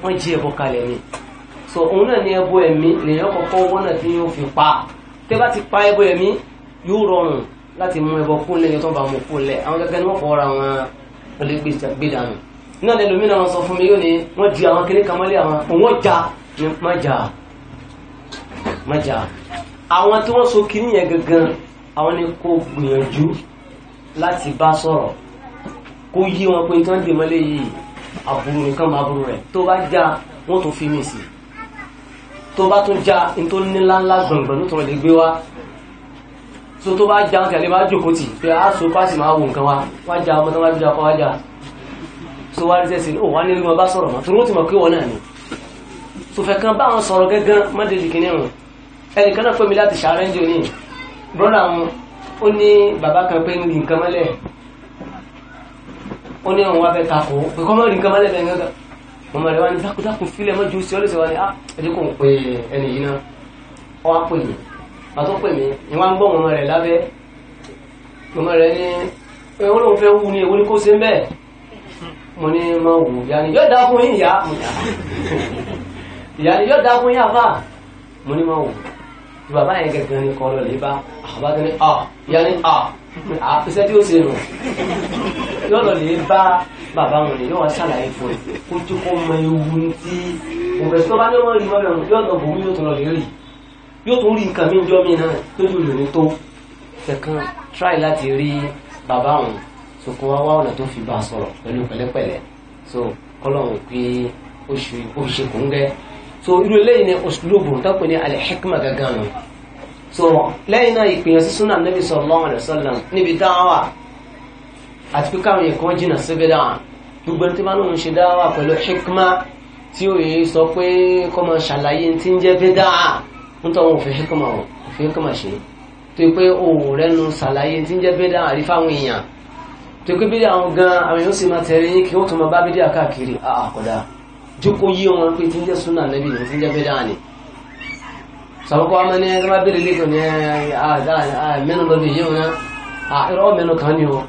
wọ́n jí ẹbọ kalẹ̀ ni so òun náà ní ẹbọ ẹ̀mí lèyàn kọ̀ọ̀kan wọ́n náà tí yóò fi pa tẹ́ bá ti pa ẹbọ ẹ̀mí yóò rọrùn láti mú ẹbọ kún lẹ́yìn tó bá mú kún lẹ́ àwọn gẹ́gẹ́ ni wọ́n fọwọ́ra wọn pẹ̀lú gbé dànù náà lẹ́nu mi náà sọ fún mi yóò ní wọ́n di àwọn kékeré kan mọ́lé àwọn òun ọjà ní májà májà àwọn tí wọ́n so kiri yẹn gangan àwọn ni kò gbìyànjú láti bá sọ̀rọ̀ kó yí wọn pé nǹkan dè mọ́lé yìí àbúrò nǹkan máa burú rẹ̀ tó bá já wọ́n tún fi mí sí tó bá tún já ní tó ní nítorí lè gbé wá so tó bá já tẹ̀lé bá jòkó tì pé a so pàṣì máa wò nǹkan wa wá já ọmọ tó wá bí apá wá já so wá rí tẹ̀sí ó wá ní ẹgbẹ́ bá sọ̀rọ̀ mọ́ torí ó ti mọ̀ pé wọ́n náà ni so fẹ́ kan báwọn sọ̀rọ̀ gángan mọ́dẹ̀lì kìíní rùn ẹnì kan náà pè mí láti ṣàrẹ́ńjì òní brọ́dà wọn ó ní bàbá kan pé ń rí nǹkan mọ́lẹ̀ ó ní òun wá fẹ́ takò pé kọ́ mọ́ rí nǹkan mọ́lẹ̀ ah ẹ̀dínkù pé ẹnì yìí náà ọ wá pè pàtó pè mí ni wọ́n ń gbọ́ ọmọ rẹ̀ lábẹ́ ọmọ rẹ̀ ní ẹ̀wọ́n lòun fẹ́ wú ni èwo ni kò ṣe ń bẹ́ẹ̀ mo ní mọ wù ìyá ni yóò dá yín ìyá ah. ìyá ni yóò dá yín àfà mo ní mọ wù ju bàbá yẹn gẹ́gẹ́ ní kọ́ lọ lè àbá tó ní à ìyá ni à ah. àfisẹ́ ah, tí ó ṣe nù yóò lọ lè bàbá wọn ni yóò wá ṣàlàyé fún un kó tó kó mọ ewu tí òbẹ̀sọ́ bá ní ọmọ rí mọ́ bẹ̀rù yóò lọ bòmí yóò tó lọ lè yóò tún rí nǹkan mí jọ́ mi náà lójú lòní tó fẹ̀kan try láti rí bàbá òun sokun wá wá ọ̀nà tó fi bá a sọ̀rọ̀ pẹ̀lú pẹ̀lẹ́pẹ̀lẹ́ so kọ́lọ́hún pé oṣù oṣù kò ń gẹ́ so irú eléyìí ni uslubu tó pè ní al-hikma gangan nù so lẹ́yìn náà ìpìyàn sí sunnah nabi sallallahu alaihi wasallam níbi dáwà àti pé káwọn èèyàn kan jìnnà síbi dáwà gbogbo ẹni tí máa ń ṣe dáwà pẹ̀lú hikma tí ó yẹ sọ pé kọ́ ṣàlàyé ti ń jẹ́ bí dáwà nítorí òfin hikama ò òfin hikama ṣe tó yẹ pé òwò rẹnu ṣàlàyé tí ń jẹ́ bídà àrí fáwọn èèyàn tó pé bídà àwọn gan àwọn èèyàn sì máa tẹ̀lé yín kí wọ́n tún máa bá bídà káàkiri àkọ́dá jókòó yí wọn pé tí ń jẹ́ súnà nẹ́bí ni tí ń jẹ́ bídà ni sọ̀rọ̀kọ́ ọmọ ní ẹgbẹ́ bèèrè lẹ́kọ̀ọ́ ní mẹ́nu lọ́bí yíò náà àìrọ́ mẹ́nu kan ní o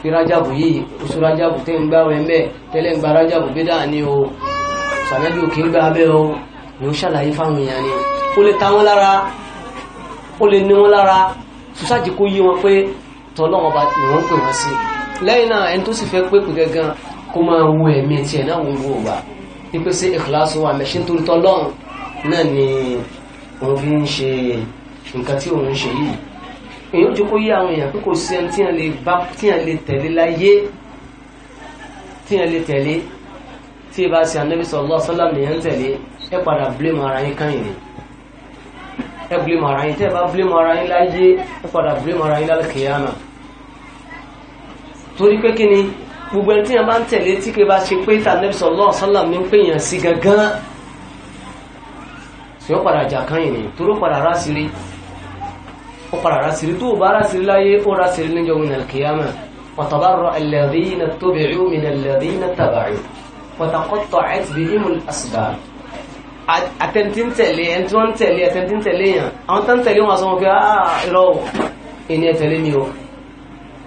fi rájàbù yìí oṣù rájàbù tẹ́ ń gbá wẹ́mbẹ́ tẹ́lẹ̀ ń gba rájàbù bídà ní o sàmẹ́bí òkè ń gbá abẹ́ o ni ó ṣàlàyé fáwọn èèyàn ni ó lè ta wọn lára ó lè ní wọn lára sọ́sájì kó yé wọn pé tọ́lọ́wọ́n bá ní wọ́n pè wọ́n sí lẹ́yìn náà ẹni tó sì fẹ́ pé kò gẹ́gán kó máa wo ẹ̀mí tiẹ̀ náà wo gbogbo ọgbà wípé sí ìkìláṣọ àmẹ́ṣẹ́ nítorí tọ́lọ́run náà ni òun fi ń ṣe nǹkan tí òun ń ṣe yìí èyí ó ti kó yé àwọn èèyàn pé kò sí ẹni tíyàn lè bá tíyàn lè tẹ̀lé láyé tíyàn lè tẹ̀lé tí ì bá ṣe nìyẹn tẹ̀lé ẹ padà blame ara yín kan yìí ẹ bílímù ara yín tẹ́ ẹ bá bílímù ara yín láyé ẹ padà bílímù ara yín lálùkìyàmà torí pé kí ni gbogbo ẹni tí yẹn bá ń tẹ̀lé tí kì í bá ṣe pé tànẹ́bí sallallahu alaihi wasallam ní pé yẹn sí gangan sọ padà jà kan yìí ni toró padà rá sí ó padà rá sí tó o bá rá sí láyé ó rá sí rí níjọ́ wọn lálùkìyàmà وتبرأ الذين اتبعوا من الذين اتبعوا وتقطعت بهم الأسباب àtẹnitin tẹ̀lé ẹni tí wọ́n ń tẹ̀lé àtẹnitin tẹ̀lé yàn àwọn tó ń wọn sọ wọn pé ah irọ́ o ìní ẹ̀ tẹ̀lé mi o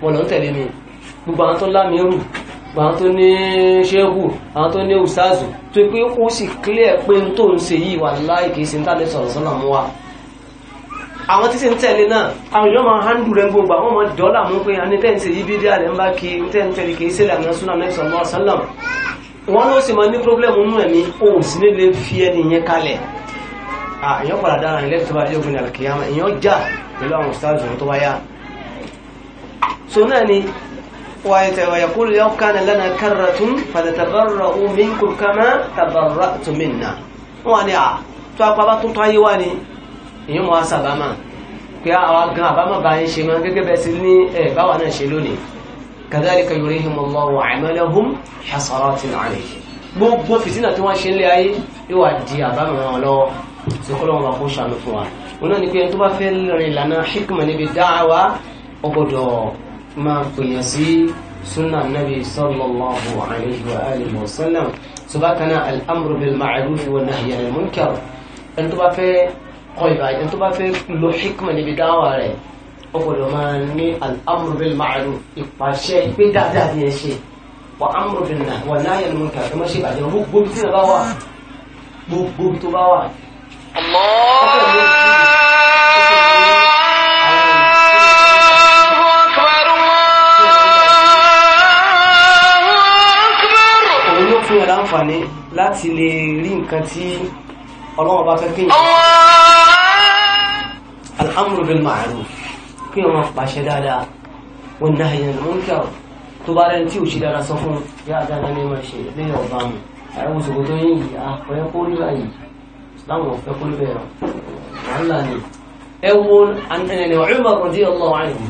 wọn lọ ń tẹ̀lé mi gbogbo àwọn tó lámì rù gbogbo àwọn tó ní ṣéhù àwọn tó ní ùsáàzù tó pé ó sì clear pé n tó ń ṣe yìí wà láì kìí ṣe ń tàlẹ́ sọ̀rọ̀ sọ́nà mú wa àwọn tí sì ń tẹ̀lé náà àwọn ìjọba handu rẹ gbogbo àwọn ọmọ dọ́là mú pé anitẹ́ǹsẹ̀ yìí bí díà rẹ̀ ń bá kí tẹ́ǹtẹ̀lé kìí ṣe lànà súnà mẹ́sàn-án wọ́n ló sì máa ní pírọ́blẹ́mù nínú ẹ̀mí o sì ní lè fi ẹni yẹn kalẹ̀ èèyàn padà dára ní lẹ́tọ́ àti ògbìn àlùkìyàmà èèyàn jà pẹ̀lú àwọn ustazu tó wáyà so náà ni ويقول لو كان لنا كرة فتتبرأوا منكم كما تبرأتم منا wọ́n ni à tó apá bá tó tó ayé wá ni èèyàn mọ́ àṣà pé àwọn gan àbámọ̀ bá ṣe máa gẹ́gẹ́ bẹ́ẹ̀ sí ní ẹ̀ báwa náà ṣe lónìí كذلك يريهم الله a'malahum hasaratin عليه. gbogbo fìtínà tí wọ́n ṣe ń lé ayé yóò wá di àbámọ̀ràn wọn lọ́wọ́ tí kọ́ lọ́wọ́ bá kó ṣàánú fún wa wọn náà ni pé tó bá fẹ́ rìn ìlànà hikma níbi dáhàwá ó gbọ́dọ̀ máa pèèyàn sí sunna nabi sallallahu alayhi wa alihi wa sallam tó bá kan náà al-amru bil ma'ruf wa nahyi munkar ẹni tó bá fẹ́ kọ ìbàjẹ́ tó bá fẹ́ lo hikma níbi dáhàwá rẹ̀ ọgbọ̀dọ̀ máa ní al-amru bil ma'ruf ìpàṣẹ pé dáadáa ni ẹ ṣe wà amru bin nahy wà náà yẹn lóun kàfẹ́ mọ́ ṣe ìbàjẹ́ gbogbo tí ó bá wà gbogbo tó bá wà. òun láti lè rí nǹkan tí ọlọ́wọ́ bá fẹ́ kéèyàn. al kí wọn máa pàṣẹ dáadáa wọn náà yẹn ló ń kà ó tó bá rẹ tí ò ṣe dára sọ fún yá dáadáa ní ma ṣe lẹ́yìn ọba mu àyẹ̀wò ṣòkò tó yẹ yìí àpẹẹ kó rí báyìí láwọn ọ̀fẹ́ kó rí bẹ́ẹ̀ wàhálà ni. ẹ wo ẹnìyàn Umar radiyallahu anhu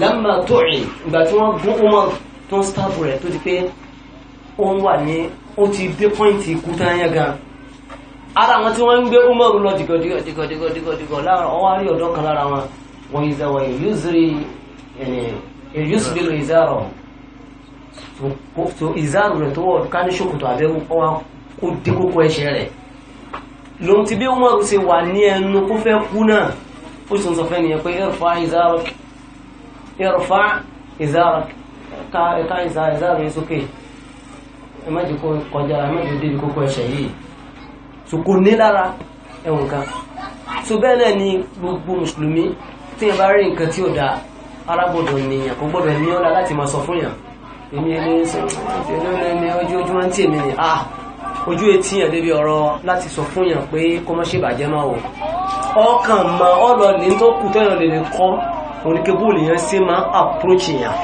lamma tu'i ìgbà tí wọ́n gún Umar tó ń sáàbù rẹ̀ tó ti pé ó ń wà ní ó ti dé pọ́ìntì ikú tán yẹn gan ara àwọn tí wọ́n ń gbé Umar lọ dìgọ̀dìgọ̀dìgọ̀dìgọ̀ láwọn ọwọ́ àrí kan lára wọn وإذا ويزري يعني يسبل إزاره tó ìzáàrù rẹ̀ tó wọ̀ ká ní ṣòkòtò àbẹ́wò ọwá kó dé kókó ẹ̀ṣẹ̀ rẹ̀ lóun ti bí wọ́n ṣe wà ní ẹnu kó fẹ́ kú náà ó sì ń sọ fẹ́ nìyẹn pé ẹ̀rọ̀fà ìzáàrù ẹ̀rọ̀fà ìzáàrù ká ìzáàrù yẹn sókè ẹ má jẹ́ kó kan so náà ni gbogbo mùsùlùmí tí yẹn bá rí nǹkan tí ó da arábòdò nìyàn kò gbọ́dọ̀ ní ọ̀la láti máa sọ fún yàn èmi ẹni ojú ojú rántí èmi ni ah ojú etí yàn débi ọ̀rọ̀ láti sọ fún yàn pé kó má ṣe bàjẹ́ máa wò ọkàn mọ ọ̀rọ̀ ní tó kù tẹ́lọ̀ lè lè kọ́ oníkebú nìyàn sí máa approach yàn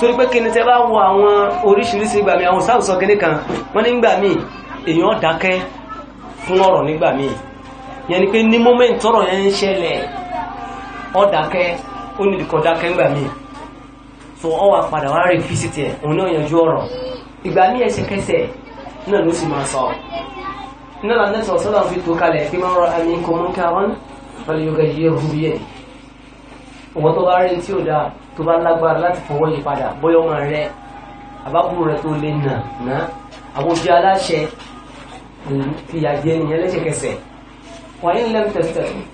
torí pé kí ni tẹ́ bá wo àwọn oríṣiríṣi ìgbà mi àwọn sáà sọ kíní kan wọ́n nígbà míì èèyàn dákẹ́ fún ọ̀rọ̀ nígbà míì yẹn ni pé ní moment ọ̀rọ̀ yẹn ń ṣẹlẹ̀ ọ̀dàkẹ́ ó ní ìdíkọ̀dákẹ́ ńgbà míì so ọ wà padà wá rí fíṣítì ẹ̀ òun náà yanjú ọ̀rọ̀ ìgbà míì ẹsẹ̀kẹsẹ̀ náà ló sì máa sọ iná la nẹ́tọ̀ sọ́dọ̀ fi tó kalẹ̀ pé máa ń rọ àmì nǹkan mú kí àwọn pẹ̀lú yorùbá yìí ẹ̀hún bí ẹ̀ òun tó bá rí tí ò dáa tó bá lágbára láti fọwọ́ yìí padà bóyá ọmọ rẹ àbábùrù rẹ tó lè nà ná àwọn òbí aláṣẹ fìyà jẹ nìyẹn wàyí ń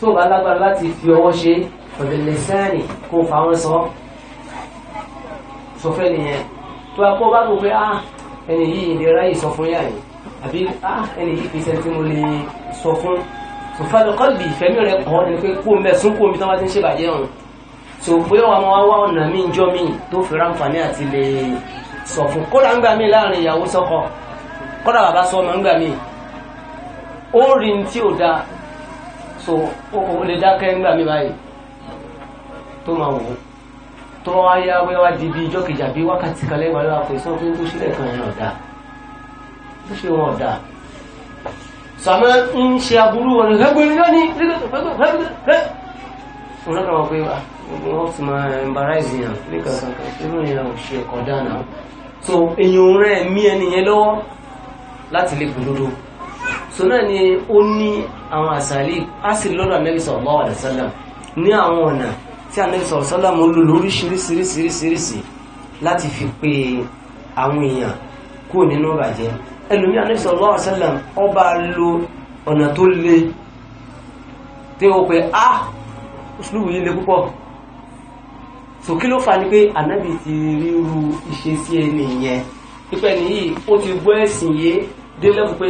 tó bá lágbára láti fi ọwọ́ ṣe ọ̀dẹ̀lẹ̀sẹ́ni kò fà wọ́n sọ sọ fẹ́ nìyẹn tó a kó bá mú pé ah ẹni yìí ìlera yìí sọ fún yàrá àbí ah ẹni yìí fi sẹ́ni tí mo lè sọ fún sọfàlẹ̀ kọ́lbì ìfẹ́mí rẹ̀ kọ́ ẹni pé kó mẹ́ sún kó omi tó wá ti ń ṣèbàjẹ́ òun so bóyá wàá máa wá ọ̀nà míì jọ míì tó fi ráǹfààní àti lè sọ fún kódà ń gbà míì láàrin ìyàwó sọ́kọ kódà bàbá sọ ọmọ ń gbà míì ó rí ní tí ò dáa so ó lè dákẹ́ ń gbà míì báyìí tó máa wò ó tó wá yá wẹ́ wá di bí ijọ́ kejì àbí wákàtí kan lẹ́gbàá lọ́wọ́ àpò ìsọ́n pé tó ṣílẹ̀ kan ẹ̀rọ ọ̀dà tó ṣe wọn ọ̀dà sàmọ́ ń ṣe aburú wọn ní rẹ́gbẹ̀rẹ́ náà ní rẹ́gbẹ̀rẹ́ wọn náà ah, wọ́n pé wọ́n máa embarrassing yàn nìkan kan kan irú ò ṣe ẹ̀kọ́ dáná so èèyàn rẹ̀ mí ẹni yẹn lọ́wọ́ láti lè gbòdodo so náà ni ó ní àwọn àṣàlì á sì lọ́dọ̀ Ànábì sallallahu tí anabi sọ̀rọ̀ sọ́làmù lò lóríṣiríṣiríṣiríṣi láti fi pe àwọn èèyàn kúrò nínú ìbàjẹ́ ẹlòmíì anabi sọ̀rọ̀ lọ́wọ́ sọ́làmù ọba lo ọ̀nà tó le tí ó pe a ah, òṣùlùwò yìí le púpọ̀ sòkí ló fa ni pé anabi ti ríru ìṣesí ẹni yẹn pípẹ́ nìyí ó ti gbọ́ ẹ̀sìn yé délẹ́kùn pé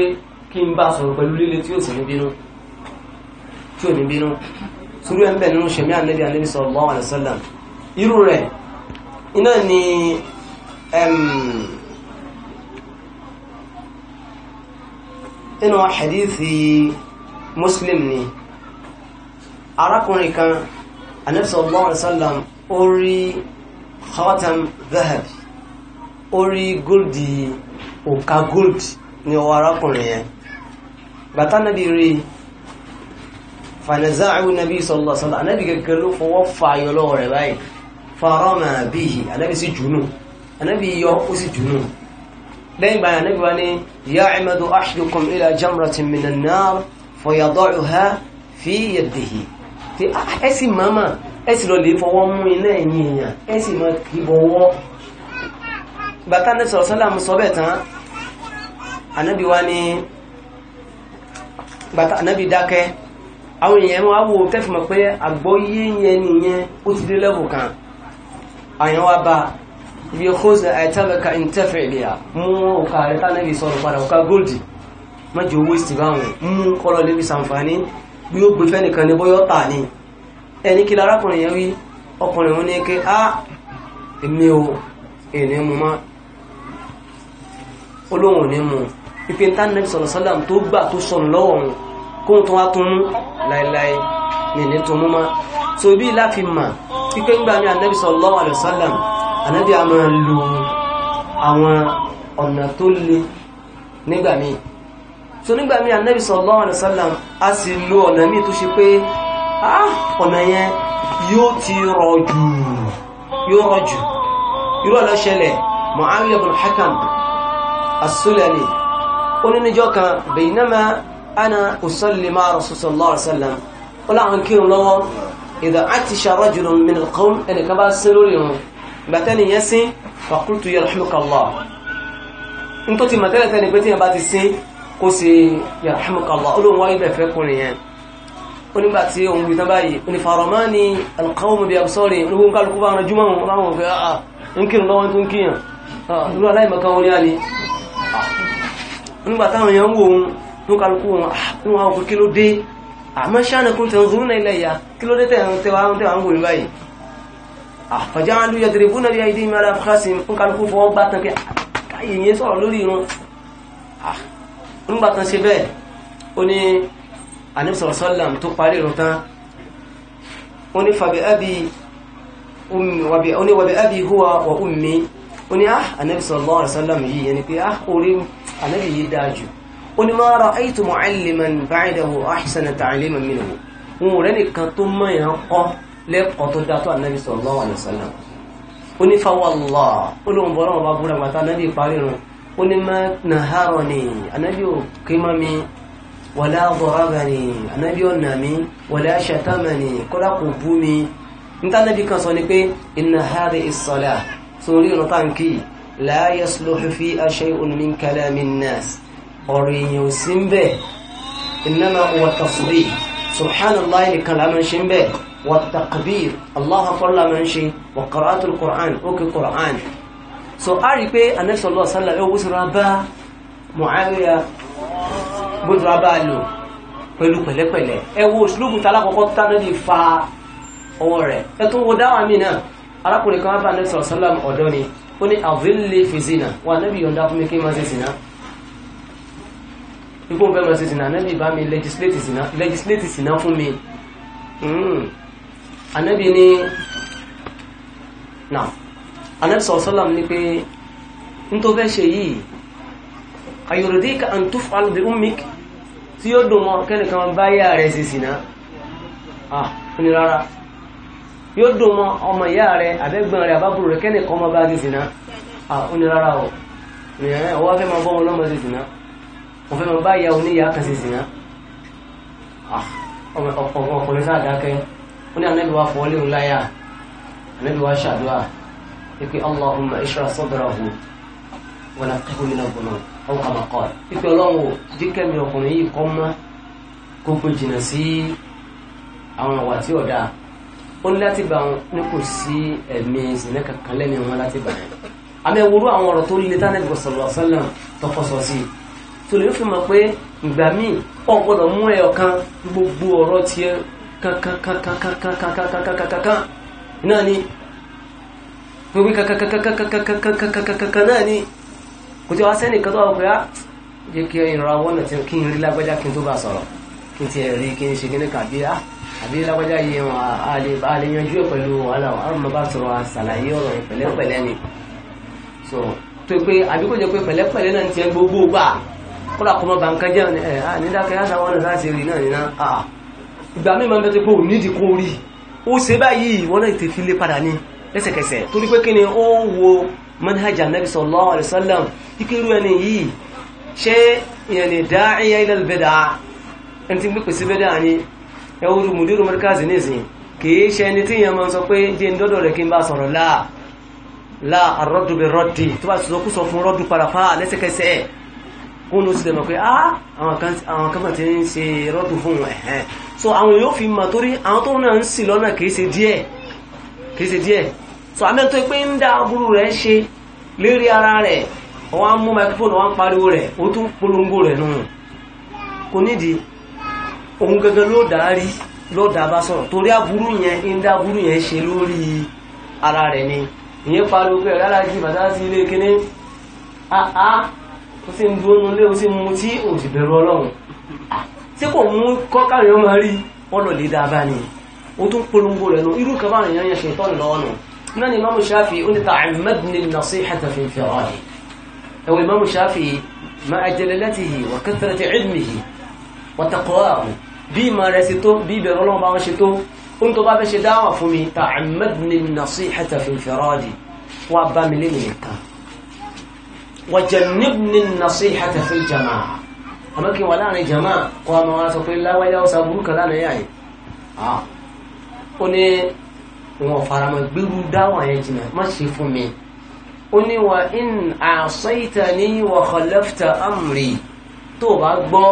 kí n bá sọ̀rọ̀ pẹ̀lú líle tí ò sí ní bínú tí ò ní bínú sùúrù ẹ̀ ń bẹ̀ nínú ṣẹ̀mí ànẹ́bí ànẹ́bí sallallahu alaihi wasallam irú rẹ̀ iná ni inú hadithi muslim ni arákùnrin kan ànẹ́bí sallallahu alaihi wasallam ó rí khatam dhahab ó rí òkà góòdì ní ọwọ́ arákùnrin yẹn gbàtánàbí rí i fanazaa'u nabi sallallahu alaihi wasallam anabi gẹ́gẹ́ ló fọwọ́ fààyọ lọ́wọ́ rẹ̀ báyìí farama bihi anabi sì jùnú anabi yọ ó sì jùnú lẹ́yìn báyìí anabi wa ni ya'madu ahadukum ila jamratin minan nar fayada'uha fi yadihi tí ẹ sì máma ẹ sì lọ lè fọwọ́ mú iná ẹ̀yìn èèyàn ẹ sì máa kì anabi wa ni anabi dákẹ́ àwọn èèyàn wá wo tẹ́fìmọ̀ pé àgbọ́yé yẹn nìyẹn ó ti dé lẹ́bù kan àyàn wá bá ibi kóòsì àìtàbẹ̀ka ìtẹ́fẹ̀ ìlera mú òkà rẹ̀ tánàbí sọ̀rọ̀ padà òkà góòdì mọ́jọ owó ìsìtì báwọn mú kọ́lọ̀ lébi sàǹfààní bí ó gbé fẹ́nìkan ní bọ́yọ́ tà ní ẹni kí lárákùnrin yẹn wí ọkùnrin wọn ní ké á èmi o èmi mu mọ́ olóhùn ní mu ìpínta nẹ́bí sọ̀rọ̀ sọ́dàm tó gbà tó sọnù lọ́wọ́ wọn kó tún wá tún mú láíláí nìní tún mú má so bí láfi mà pípé ńgbà ní anabi sallallahu alaihi wasallam anabi a máa lo àwọn ọ̀nà tó le nígbà míì so nígbà míì anabi sallallahu alaihi wasallam a sì lo ọ̀nà míì tó ṣe pé ah, ọ̀nà yẹn yóò ti rọ jù yóò rọ jù irú ọ̀nà ṣẹlẹ̀ Mu'awiya ibn Hakam as-Sulami ó ní níjọ́ kan bainama ana usalli ma rasul sallallahu alaihi wasallam wala an kírun lọ́wọ́ idha atisha rajulun min alqawm ẹni kan bá sí lórí irun gbàtẹ́ ni yẹn sí faqultu yarhamukallah n tó ti mọ̀tẹ́lẹ̀ tẹ́ni pé tí yẹn bá ti sí kó ṣe yarhamukallah olóhùn wáyé bẹ̀ fẹ́ kùnrin yẹn ó nígbà tí òun wí tán báyìí ó ní farama ni alqawm bi absari olóhùn kálukú bá wọn jùmọ̀ wọn láwọn fẹ́ ah ń kírun lọ́wọ́ tó ń kíyàn ìlú aláìmọ̀kan orí àní nígbà táwọn yẹn ń wò ní kálukú wọn ní wọn àwọn kí ló dé àmọ́ ṣánàkún tẹ̀ ń zùn náà ilẹ̀ ìyá kí ló dé tẹ̀ ń tẹ̀wá ń tẹ̀wá ń wòye báyìí àfọ̀já ah, wọn ló yẹtẹ̀rẹ̀ fún náà ìdí ìmọ̀ aláfíkásí ní kálukú fọwọ́ gbá tán pé káyè ah, yẹn sọ̀rọ̀ lórí irun ah, nígbà tán ṣe bẹ́ẹ̀ ó ní àníṣọ̀rọ̀ sọ́làm tó parí irun tán ó ní fàbí àbí wàbí àbí hùwà wà ummi ó ní ah àníṣọ̀rọ̀ sọ́làm yìí yẹn ni ah orí àníṣọ̀rọ̀ yìí dáa ó ní ma ra'aytu mu'alliman ba'dahu ahsana ta'liman minhu wọn ò rẹ́ nìkan tó mọ̀ yàn kọ́ lẹ́kọ̀ọ́ tó dá tó ànábì sallallahu alaihi wasallam ó ní fa wallahi ó lóun bọ́ lọ́wọ́ bá búra bàtà ànábì parí run ó ní ma naharani ànábì ò kí mọ́ mi wala darabani ànábì ò nà mí wala shatamani kọ́lá kò bú mi níta kan sọ ni pé inna hadhihi ọ̀rọ̀ èèyàn ò sí ń bẹ̀ innama huwa tasbih subhanallah nìkan la máa ń ṣe ń bẹ̀ wa takbir ṣe wa qira'atul Qur'an ókè Qur'an so a rí pé Ànábì sallallahu alaihi wasallam ẹwọ́ sọ́rọ̀ bá Muawiya gbọ́dọ̀ bá lò pẹ̀lú pẹ̀lẹ́pẹ̀lẹ́ ẹwọ́ òṣèlúgbù tálákọ̀ọ́kọ́ tánàbí fa ọwọ́ rẹ̀ ẹ̀tún wo dáwà mí náà arákùnrin kan bá Ànábì sallallahu alaihi wasallam ọ̀dọ́ ni ó ní àvílẹ̀ fèzínà wà Ànábì yọ̀ǹda fún mi kí n máa ṣe zìnà ikú fẹ́ máa ṣe sìnà anábì bá mi legislate sìnà fún mi anábì hmm. ní nà anábì sọ̀rọ̀ sọ́làm ní pé n tó fẹ́ ṣe yìí ayọ̀rọ̀dẹ́ka and tó fà lóde umik tí yóò dùn mọ́ kẹ́nìkan bá yà rẹ̀ ṣe sìnà ah ní rárá yóò dùn mọ́ ọmọ ìyá rẹ̀ àbẹ́gbọ̀n rẹ̀ àbábùrù rẹ̀ kẹ́nìkan ọmọ bá ṣe sìnà ah ní rárá o ìyẹn ọwọ́ fẹ́ máa bọ́ ọmọ lọ́mọ ṣe sìnà mo fẹ́ lọ bá ìyá oníyà kan ṣe zìnà ah, ọkùnrin sáà dákẹ́ ó ní anábìwá fọwọ́ léwu láyà anábìwá ṣàdúrà pípé Allahumma ishra sadrahu wa naqqihu minal ghunum aw kama qala pípé ọlọ́run ò jíkẹ́ mi ọkùnrin yìí kọ́ mọ́ gbogbo jìnnà sí àwọn àwà tí ọ̀dà ó ní láti bá wọn ní kò sí ẹ̀mí ìsìnlẹ̀ kankan lẹ́nu wọn láti bá yẹn àmì ẹ̀wòrú àwọn ọ̀rọ̀ tó le tánàbì tó lè fi mọ̀ pé ìgbà míì ọ̀ gbọ́dọ̀ mú ẹ ọ̀kan gbogbo ọ̀rọ̀ tiẹ̀ kankankankankankankankankankankan náà ni gbogbo kankankankankankankankankan náà ni kò tí wá sẹ́nì kan tó wà pé á ah, jẹ́ kí ìrora wọ́nà tí kí n rí lágbájá kí n tó bá sọ̀rọ̀ kí n ti rí kí n ṣe kí n kàbí á ah, àbí lágbájá yìí wọn a lè yanjú ẹ̀ pẹ̀lú wàhálà àwọn ọmọ bá sọ̀rọ̀ àṣàlàyé ọ̀rọ̀ pẹ̀lẹ́pẹ̀lẹ́ ni so tó pé àbí kò jẹ́ pé pẹ̀lẹ́pẹ̀lẹ́ náà ti ẹ gbogbo gbà kọ́lá kọmọ bàǹkan jẹ́ ẹ̀ à ní dákẹ́ àtàwọn ọ̀nà láti rí náà nínú à ìgbà mímọ̀ tó ti pé òun nídìí kó rí ó ṣe báyìí wọ́n náà ti fi lé padà ní lẹ́sẹ̀kẹsẹ̀ torí pé kí ni ó ń wo manhaj anabi sallallahu alaihi wasallam ikiru ẹni yìí ṣé ìyẹn ni da'iya ila al-bid'a ẹni tí ń pèpè sí bẹ́dà ni ẹwúrú mùdírù mọ́ríkàzì nìsín kìí ṣe ẹni tí ìyẹn máa ń sọ pé jẹ́ ń dọ́dọ̀ rẹ̀ kí n bá sọ̀rọ̀ láà láà àrọ́dù bẹ̀ rọ́dì tó bá sọ kú sọ fún rọ́dù padà fáà lẹ́sẹ̀kẹsẹ̀ kúnnú sí tẹ̀mọ̀ pé ah, àwọn kan mọ̀ tí ń ṣe rọ́tù fún ẹ̀hẹ́n so àwọn yóò fi mọ̀ torí àwọn tó náà ń sì lọ́nà kìí ṣe díẹ̀ so àmẹ́ tó pé ń dá aburú rẹ̀ ṣe lérí ara rẹ̀ wọ́n á mú microphone wọ́n á pariwo rẹ̀ ó tún polongo rẹ̀ nù kò nídìí òun gangan ló dá rí ló bá sọ̀rọ̀ torí aburú yẹn ń dá aburú yẹn ṣe lórí ara rẹ̀ ni ìyẹn pariwo pé ọ̀rẹ́ alájí bàtà sí ilé kíní ah, ah ó sì ń dúró nulé ó sì mú tí ò sì bẹ̀rù ọlọ́run tí kò mú kọ́kàrí ọmọ rí ọlọ̀ lè dáadáa ni ó tún polongo rẹ̀ nù irú kan bá rìn yẹn ṣe tọ́ lọ́ọ̀nù náà ni Imam Shafi ó ní ta àìmẹ́dìní nasihata fi firari ẹ̀wọ̀ Imam Shafi ma'a jalalatihi wa kathrati ilmihi wa taqwahu bí ìmọ̀ rẹ̀ ṣe tó bí ìbẹ̀rù ọlọ́run bá wọn ṣe tó ó ní tó bá fẹ́ ṣe dáhùn fún mi ta àìmẹ́dìní nasihata fi firari wà bá mi lé nìkan wàjẹ̀nìbìnì nasiha tẹ̀fẹ́ jama àmọ́kí wà láàrin jama kọ́ ọmọ wa sọ pé láwáyá ọ̀sá burúkà lánàá yà yìí ó ní wọn faramọ́ gbérú dáwà yẹn jìnà má ṣe fún mi ó ní wa in àṣẹ́yìtà ní wa khalafta amri tó bá gbọ́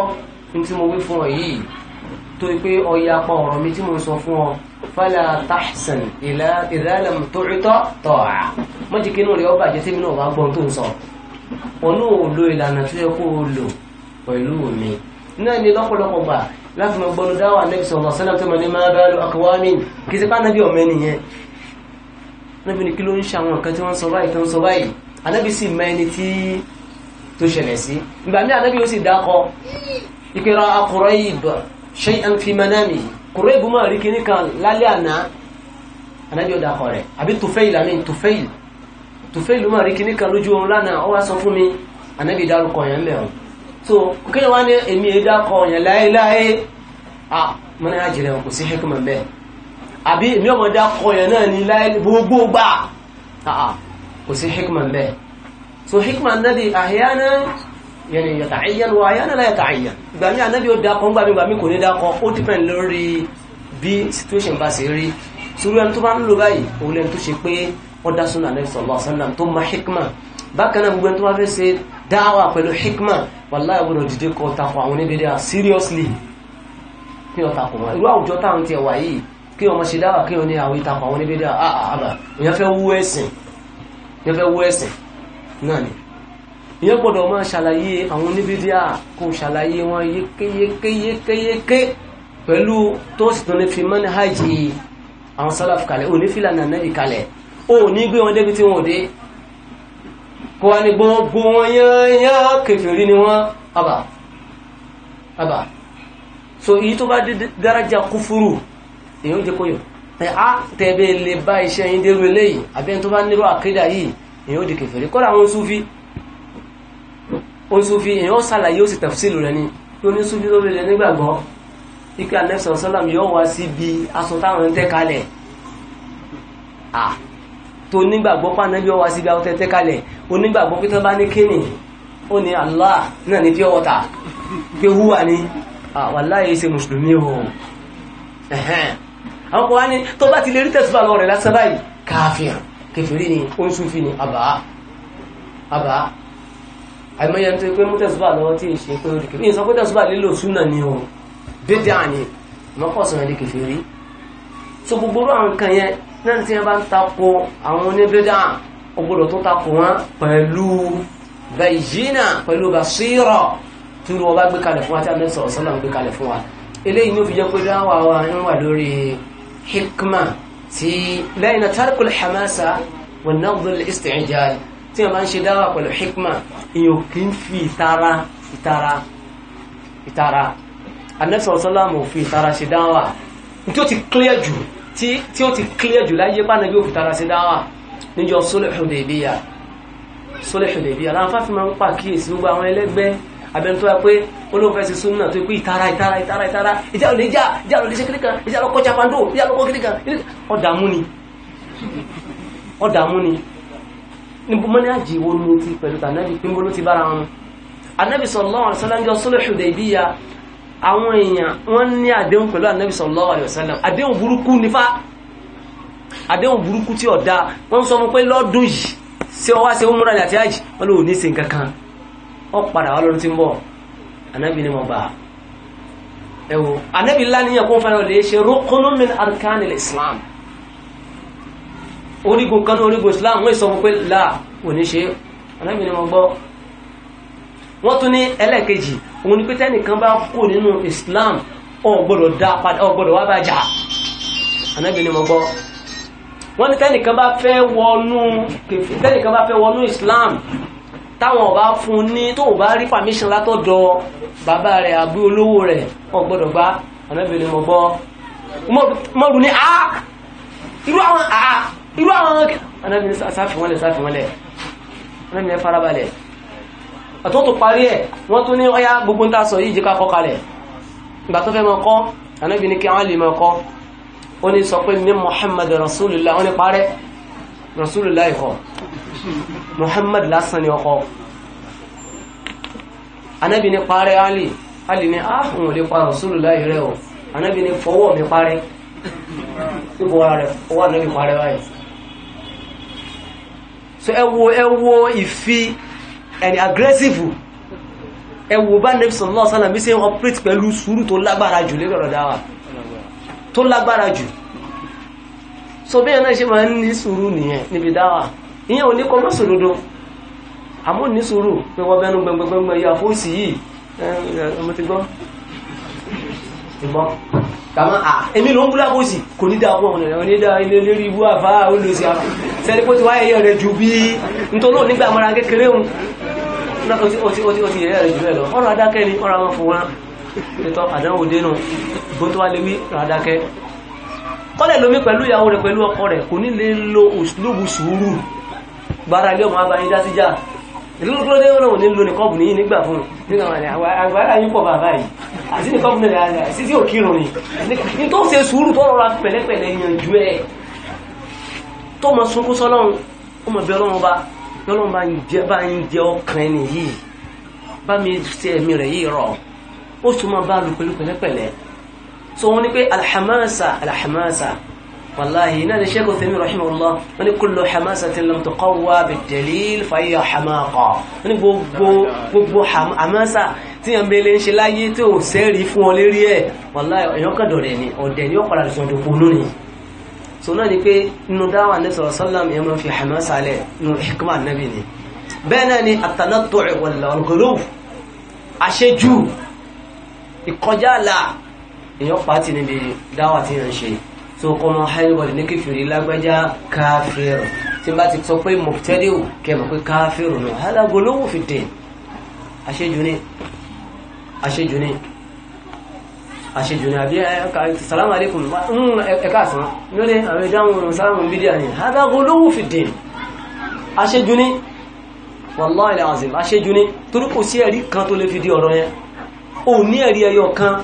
ní tí mo wí fún ọ yìí tó pé ọya pa ọ̀rọ̀ mi tí mo sọ fún ọ fala tahsan ìlàlẹ̀ tó tọ́ tọ́ à rẹ̀ ọ bàjẹ́ sí mi náà wá gbọ́n tó ń sọ wọn náà ò lo ìlànà tó yẹ kó o lò pẹ̀lú mi náà ni lọ́pọ̀lọpọ̀ gbà láti mọ gbọ́nu dáwà nẹ́bí sọ̀rọ̀ sẹ́lẹ̀ tó mọ̀ ní máa bá lo akọwámi kì í ṣe pánàbí ọ̀mọ ẹnìyẹn níbi ni kí ló ń ṣe àwọn nǹkan tí wọ́n ń sọ báyìí tó ń sọ báyìí anábì sì mọ ẹni tí tó ṣẹlẹ̀ sí ìgbà mí anábì ó sì dákọ ìpẹ́ra akọ̀rọ̀ yìí ṣe ń fi mọ náà nìyí kùrẹ́ ìbúmọ̀ rí kíní kan lálẹ́ àná anábì ó dákọ rẹ̀ àbí tòfẹ́ìlì àmì tòfẹ́ìlì tòfẹ́lì máa rí kíní kan lójú oorun lánàá ó wá sọ fún mi ànábì dárúkọ yẹn lẹ̀ ọ́n so kíni wá ní èmi ìdákọ yẹn láéláé à mọ́nà àjẹrẹ kò sí hekima bẹ́ẹ̀ àbí èmi ọmọdé akọ yẹn náà ní láéláé gbogbo gbà àà kò sí hekima bẹ́ẹ̀ so hekima ànábì àhíyáná yẹn yàtàáyán wà àhíyáná láyà tàáyán ìgbà mí ànábì ó dákọ ńgbà mí ìgbà mí kò ní dákọ ó dìpẹ̀ lórí bí situation bá ṣe rí sùúrù ẹni tó bá ń lò báyìí òun lẹni tó ṣe pé wọ́n dá súnà Ànábì sallallahu alaihi wasallam tó ma hikma bákan náà gbogbo ẹni tó bá fẹ́ ṣe dáwà pẹ̀lú hikma wàláhì gbọ́dọ̀ dìde kọ́ takọ̀ àwọn oníbẹ̀rẹ̀ à seriously kí wọ́n takọ̀ wọn irú àwùjọ táwọn tiẹ̀ wà yìí kí wọ́n ṣe dáwà kí wọ́n ní àwọn ìtakọ̀ àwọn oníbẹ̀rẹ̀ àbà èèyàn fẹ́ wú ẹ̀sìn èèyàn fẹ́ wú ẹ̀sìn náà ni èèyàn gbọ́dọ̀ máa ṣàlàyé àwọn oníbẹ̀rẹ̀ à kó ṣàlàyé wọn yékéyékéyékéyéké pẹ̀lú tó o ní gbé wọn débi tí wọn ò dé kó wá ní gbogbo wọn yányá kèfèrí ni wọn àbà àbà so èyí tó bá dé dárájà kúfúrú èyí ó jẹ kóyọ ẹ á tẹ̀bẹ̀ lè bá iṣẹ́ yín dérú eléyìí àbẹ́ tó bá nírú àkídà yìí èyí ó di kèfèrí kọ́ra àwọn súfí oṣùfi èèyàn ṣàlàyé ó sì tafsilu rẹ̀ ni tí oníṣùfi ló lè nígbàgbọ́ ike anẹ́sàn sọ́làm yóò wá síbi aṣọ táwọn ń tẹ́ kalẹ̀ tó nígbàgbọ́ pa ànábì ọwà síbi àwọn tẹ́tẹ́ kalẹ̀ onígbàgbọ́ pé tó bá ní kíni ó ní Allah náà ní pure water pé húwà ni wallahi ṣe mùsùlùmí o àwọn kan wá ní tó bá ti lè rí tẹ̀síwá lọ rẹ̀ lásán báyìí káfíà kẹfìrí ni ó ń súnfì ni àbá àbá àìmọye tó pé mú tẹ̀síwá lọ́wọ́ tí ìṣe pé orí kẹfìrí sọ pé tẹ̀síwá lílò súnà ni o dédé àní mọ́kànsán ẹ̀dí kẹfìrí so gbogbo àwọn nǹkan yẹn náà tí wọ́n bá ń takò àwọn oníbídà ọgbọ́dọ̀ tó takò wọn pẹ̀lú bẹ̀yìnà pẹ̀lú basira tí wọ́n bá gbé kalẹ̀ fún wa tí a mẹ́sàn ọ̀sán náà gbé kalẹ̀ fún wa eléyìí ni ó fi jẹ́ pé dáwà wa ń wà lórí hikma ti lẹ́yìn tarkul hamasa wọn náà gbọ́dọ̀ isti'jal tí wọ́n bá ń ṣe dáwà pẹ̀lú hikma ìyóò kì í fi ìtara ìtara ìtara anẹ́sàn ọ̀sán láàmù ìtara ṣe dáwà nítorí ó ti clear jù tí tí ó ti clear jù láyé pàdé bí ó fi tara sí dáwà níjọ Sulh Hudaybiyah Sulh Hudaybiyah láwọn fáfí máa ń pàkíyèsí gbogbo àwọn ẹlẹ́gbẹ́ abẹni tó yà pé olóòfẹ́ sí súnmọ́ tó pé ìtara ìtara ìtara ìtara ìjà ló lè já ìjà ló lè ṣe kíríkan ìjà ló kọjá pàndó ìjà ló kọ kíríkan ọ̀dààmú ni ọ̀dààmú ni níbo mọ́ni àjì wo ni ti pẹ̀lú tànàbì pínbó ló ti bára wọn. Ànábì sallallahu alaihi wasallam Sulh Hudaybiyah àwọn èèyàn wọ́n ní àdéhùn pẹ̀lú ànábì sallallahu alaihi wasallam àdéhùn burúkú nífà àdéhùn burúkú tí ọ̀dá wọ́n sọ mọ́ pé lọ́dún yìí sí ọwá sí ó múra àti àjì wọ́n lò ní sin kankan ọ padà wá lọ́dún tí ń bọ̀ anábì ni wọ́n bá ẹwọ anábì láníyàn kó fẹ́ràn lè ṣe rukunun min arkanil islam orígun kan orígun islam wọ́n sọ mọ́ pé là ò ní ṣe anábì ni wọ́n gbọ́ wọ́n tún ní ẹlẹ́ẹ̀kejì òun ni pé tẹ́nìkan bá kú nínú Islam ó gbọ́dọ̀ dá padà ó gbọ́dọ̀ wá bá jà ànábì ni mo gbọ́ wọ́n ní tẹ́nìkan bá fẹ́ wọnú tẹ́nìkan bá fẹ́ wọnú Islam táwọn ọba fún ní tó bá rí permission látọ̀dọ̀ bàbá rẹ̀ àbí olówó rẹ̀ ó gbọ́dọ̀ bá ànábì ni mo gbọ́ mọ́rù ní a irú àwọn a irú àwọn anábì ní sáfìwọ́lẹ̀ sáfìwọ́lẹ̀ anábì ní farabalẹ̀ àtún tó parí ẹ̀ wọ́n tún ní ọyá gbogbo ta sọ yìí jẹ́ ká kọ́ kalẹ̀ ìgbà tó fẹ́ mọ kọ́ anábì ní kí àwọn lè mọ kọ́ ó ní sọ pé ní Muhammad rasulillah wọ́n ní parẹ́ rasulillah ìkọ́ Muhammad lásán ni ọkọ́ anábì ní parẹ́ Ali Ali ní ààfin ah, òlé pa rasulillah rẹ̀ o anábì ní fọwọ́ mi parẹ́ níbo ara rẹ̀ ìfi ẹni agressive ẹwọ bá nẹ́bísàn náà sálà mí sí ń operate pẹ̀lú sùúrù tó lágbára jù lórí ọ̀rọ̀ dáwà tó lágbára jù so bí ẹ̀nà ṣe máa ń ní sùúrù nìyẹn níbi dáwà ìyẹn ò ní kọ́ mọ́sùn lódó àmọ́ ní sùúrù pé wọ́n bẹnu gbẹngbẹngbẹngbẹ ya fóòsì yìí ẹ̀ ẹ̀ ọmọ ti gbọ́ ìbọn kàmá à ah, èmi ló ń búlá kó sì kò ní dáa pọ̀ ọ̀nà ní dáa ilé lérí ibú àfá olùsí àfá sẹ́ni pé ti wáyé yẹ̀ rẹ̀ ju bí nítorí òní gbà mọ́ra kékeré òun náà ó ti yẹ̀ rẹ̀ jù rẹ̀ lọ ọ̀rọ̀ adákẹ́ ni ọ̀rọ̀ àwọn fún wọn ètò àdánwò dénú bó tó wá lé wí ọ̀rọ̀ adákẹ́ kọ́lẹ̀ lómi pẹ̀lú ìyàwó rẹ̀ pẹ̀lú ọkọ rẹ̀ kò ní lè lo òṣùlùbù sùúrù gbára ilé ọmọ abáyé dá síjà ìlúkúlódé wọn ò ní lo nìkọ́bù ní nígbà fún nígbà wọn àgbàrá yín pọ̀ bàbá yìí àti nìkọ́bù ní àgbà sí tí ò kírun ni ní tó ṣe sùúrù tó rọra pẹ̀lẹ́pẹ̀lẹ́ yanjú ẹ̀ tó mọ sunkún sọlọ́run ó mọ bí ọlọ́run bá ọlọ́run bá ń jẹ bá ń jẹ ọkàn ẹni yìí bá mi ṣe ẹ̀mí rẹ̀ yìí rọ̀ ó sún mọ́ bá lu pẹ̀lú pẹ̀lẹ́pẹ̀lẹ́ so wọ́n ní pé alhamasa alhamasa wàláyé náà ni sheikh othemi rahimahullah wọ́n ní kullu hamasatin lam tuqawwa bid-dalil fa hiya hamaqa wọ́n ní gbogbo gbogbo hamasa tí yàn bẹ́lẹ̀ ń ṣe láyé tí ò sẹ́rí fún ọ lérí ẹ̀ wàláyé èèyàn kàdọ̀ rẹ̀ ni ọ̀dẹ̀ ni ó padà sọ̀rọ̀ tó kúnú ni so náà ni pé inú dáwà ní sọ̀rọ̀ sọ́lám yẹn máa fi hamasa lẹ̀ nínú hikma nabi ni bẹ́ẹ̀ náà so kọ́ mọ hẹ́rìbọ̀dì ní kẹfìrí lágbájá káfíìrù tí n bá ti sọ pé mọ̀tẹ́díwù kẹfà pé káfíìrù nù alágbó lówó fi dè àṣejù ni àṣejù ni àṣejù ni àbí salamu alaikum ẹ̀ka mm, àsán lórí àwọn ìdáhùn salamu bídíà ni alágbó lówó fi dè àṣejù ni wallahi alazim àṣejù ni torí kò sí ẹ̀rí kan tó lè fi di ọ̀rọ̀ yẹn ò ní ẹ̀rí ẹyọ kan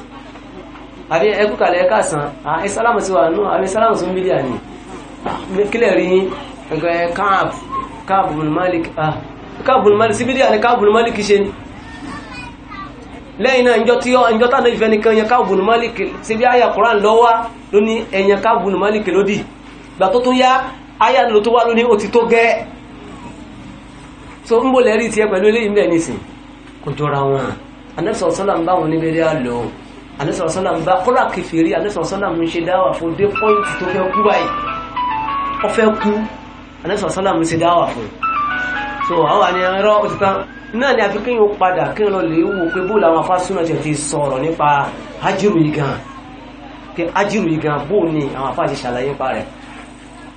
àbí ẹkú kalẹ̀ ẹka sàn àyè sálámù sí wa nù àbí sálámù sí mílíà ni kílẹ̀ rí ẹgbẹ́ káàbù káàbù bùnú malik ah káàbù bùnú sí mílíà ni káàbù bùnú ṣe ni lẹ́yìn náà ìjọ tí ìjọ tánà ìfẹ́ nìkan yẹn káàbù bùnú malik bí àyà koran lódì gbà tó yá àyà ló tó so tiẹ̀ pẹ̀lú eléyìí kò jọra wọn anẹ́sọ̀ ń bá wọn níbẹ̀rẹ̀ àníṣọ́ sọ́nà ń bá kọ́lá kẹfìrí àníṣọ́ sọ́nà ń ṣe dáwà fún dé pọ́ìntì tó fẹ́ kú báyìí ó fẹ́ kú àníṣọ́ sọ́nà ń ṣe dáwà fún so àwọn o ẹ̀rọ òtítàn náà ni àfi kéèyàn padà kéèyàn lọ lè wò pé bóòlù àwọn afásúnà ti ti sọ̀rọ̀ nípa ájírù yìí gan pé ájírù yìí gan bóòlù ni àwọn afá ti ṣàlàyé nípa rẹ̀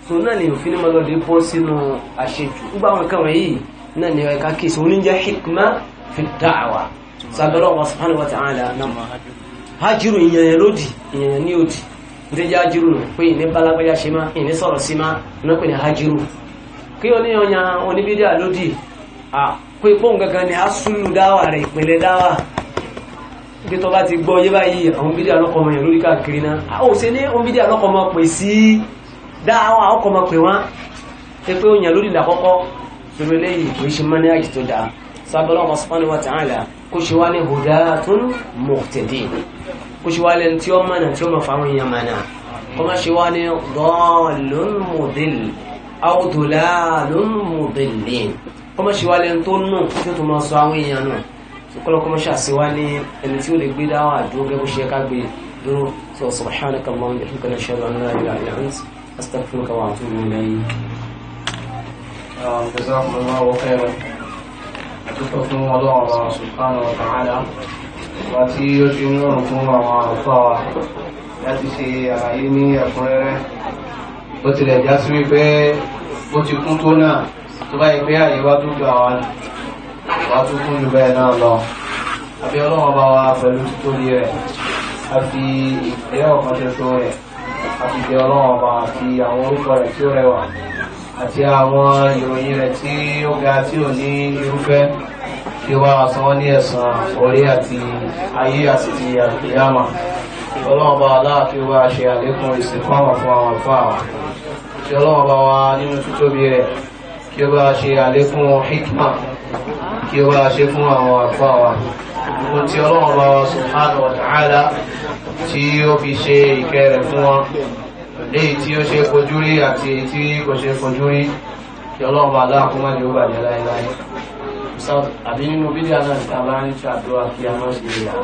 so náà ni òfin mọ́ lọ́dẹ bọ́ sínú àṣejù gbogbo àwọn nǹkan wọ̀nyí náà ni ẹ̀ka kìí sọ oníjẹ́ hikma fi dáàwà sàbẹ̀rọ̀ wọn subhanahu wa ta'ala náà hajiru ìyẹn lódì ìyẹn ní òdì ní jẹ́ hajiru nù pé ìní balagbẹ́yà ṣe má ìní sọ̀rọ̀ sí má iná pè ní hajiru kí o ní ọ̀yà oníbídíà lódì pé pọ́n gangan ni a súnú dáwà rẹ̀ ìpínlẹ̀ dáwà bí tó bá ti gbọ́ yé báyìí àwọn bídíà lọ́kọ̀ ọmọ yẹn lórí káàkiri náà a ṣe ní àwọn bídíà lọ́kọ̀ ọmọ pè sí dáwà ọkọ̀ ọmọ pè wọ́n pé pé ó yàn lórí ìlàkọ́kọ́ torí eléyìí kò ṣe mọ́ ní àjì tó dáa sábẹ́lọ́ ọmọ subhanahu wa ta'ala kó ṣe wá ní hudatun muhtadin kó ṣe wá lẹ́nu tí ó mọ̀nà tí ó mọ̀ fáwọn èèyàn mọ̀nà kó má ṣe wá ní dallun mudil aw dulalun mudillin kó má ṣe wá lẹ́nu tó nù tí ó tún mọ̀ sọ àwọn èèyàn nù kọ́lọ́ kó má ṣe àṣewá ní ẹni tí ó lè gbé dáwà dúró gẹ́gẹ́ bó ṣe ká gbé dúró sọ subhanaka Allahumma wa bihamdika ashhadu an la ilaha illa anta astaghfiruka wa atubu ilayk. جزاكم الله خيرا àdúgbò fún ọlọ́run wa subhanahu wa ta'ala wa tí ó ti ń rọrùn fún àwọn àlùfáà wa láti ṣe àlàyé ní ẹ̀kúnrẹ́rẹ́ bó tilẹ̀ já sí wípé bó ti kún tó náà tó bá yẹ pé àyè wá tó ju àwa wá tó kún jù bẹ́ẹ̀ náà lọ àbí ọlọ́run ọba wa pẹ̀lú títóbi rẹ̀ a fi ìfẹ́ ọ̀kan ṣoṣo rẹ̀ a fi jẹ ọlọ́run ọba àti àwọn orúkọ rẹ̀ tí ó rẹwà àti àwọn ìròyìn rẹ̀ tí ó ga tí ò ní irúfẹ́ kí wá san wọ́n ní ẹ̀san orí àti ayé àti ti àkìyàmà ọlọ́run bá aláàfin wá ṣe àlékún ìsìnkọ́mọ̀ fún àwọn àlùfáà wa tí ọlọ́run bá wa nínú títóbi rẹ̀ kí ó bá ṣe àlékún hikma kí ó bá ṣe fún àwọn àlùfáà wa gbogbo tí ọlọ́run bá wa subhanahu wa ta'ala tí ó fi ṣe ìkẹrẹ̀ fún wọn léyìí tí ó ṣe fojú rí àti èyí tí kò ṣe fojú rí kí ọlọ́run bá dáa kó má ní ó bàjẹ́ láéláé àbí nínú fídíò náà ti tàbá ní ṣàdúrà kí a má ṣe ìyàwó.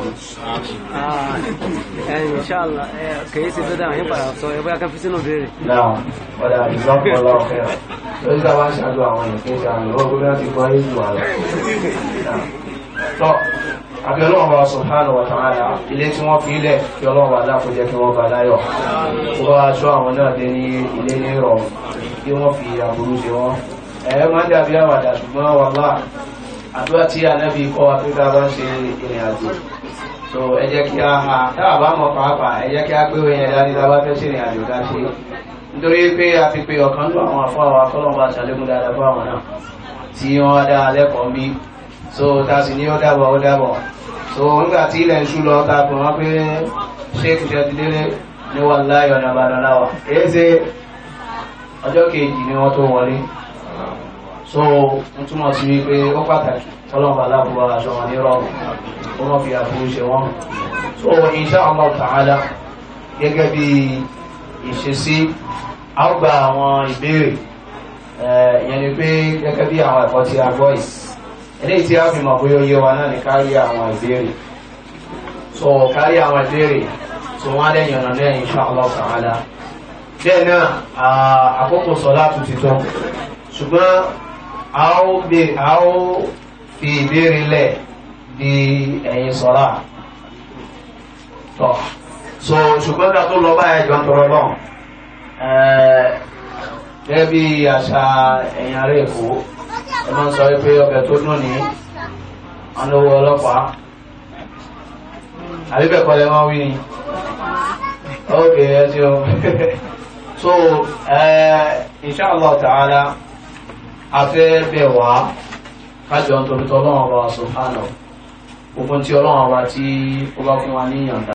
ẹ̀yìn ìṣàlá kìí ṣe tó dáhùn yín padà sọ ẹ bóyá sínú béèrè. náà ọ̀dà ìsọ́pọ̀ ọlọ́ọ̀kẹ́ rẹ̀ lórí tàbá ṣàdúrà àwọn èèyàn kí n ṣàlùwọ́ gómìnà ti kọ́ ẹ̀yìn wà tọ́ àbí ọlọ́run wa subhanahu wa ilé tí wọ́n fi ilẹ̀ kí ọlọ́run wa dákun jẹ́ kí wọ́n bá láyọ̀ tó aṣọ àwọn náà dé ní ilé ní ìrọ̀rùn kí wọ́n fi àbúrú ṣe wọ́n máa ń dàbí àwàdà ṣùgbọ́n àdúrà tí ànábì kọ́ bá a ha bá mọ̀ pàápàá ẹ jẹ́ kí so ta sì ní ọ̀dàbọ̀ ọ̀dàbọ̀ so nígbà tí ilẹ̀ ń ṣú lọ ta pè wọ́n pé sheik jẹ́dílé ní wà láyọ̀ ní abadọ́láwà èyí ṣe ọjọ́ kejì ni wọ́n tó wọlé so n túmọ̀ sí wípé ó pàtàkì ọlọ́mọba aláàbúwá aṣọ wọn ní rọrùn ó mọ̀ fi àbúrú ṣe wọ́n so insha Allah ta'ala gẹ́gẹ́ bí ìṣesí a gba àwọn ìbéèrè ìyẹn ni pé gẹ́gẹ́ bí àwọn ẹ̀kọ́ tí a yìí eléyìí tí a fi mọ̀ bóyá oyé wa náà ni kárí àwọn ìbéèrè so kárí àwọn ìbéèrè so wọ́n lẹ́yìn ọ̀nà lẹ́yìn inshallah ta'ala bẹ́ẹ̀ náà àkókò sọlá tún ti tán ṣùgbọ́n a ó fi ìbéèrè lẹ̀ di ẹ̀yìn sọlá tọ́ so ṣùgbọ́n ká tó lọ báyìí jọ ń tọrọ náà gẹ́gẹ́ bí àṣà ẹ̀yìn ará èkó ẹ máa ń sọ wípé ọbẹ̀ tó dùn ní ọlọ́wọ́ ọlọ́pàá àbíbẹ̀kọ́ lẹ máa wí ni ok ẹ ti o so insha Allah ta'ala afẹ́ bẹ̀ wá kájọ ń tobi tọ́ ọlọ́run ọba subhanahu gbogbo tí ọlọ́run ọba tí ó fún wa ní ìyànda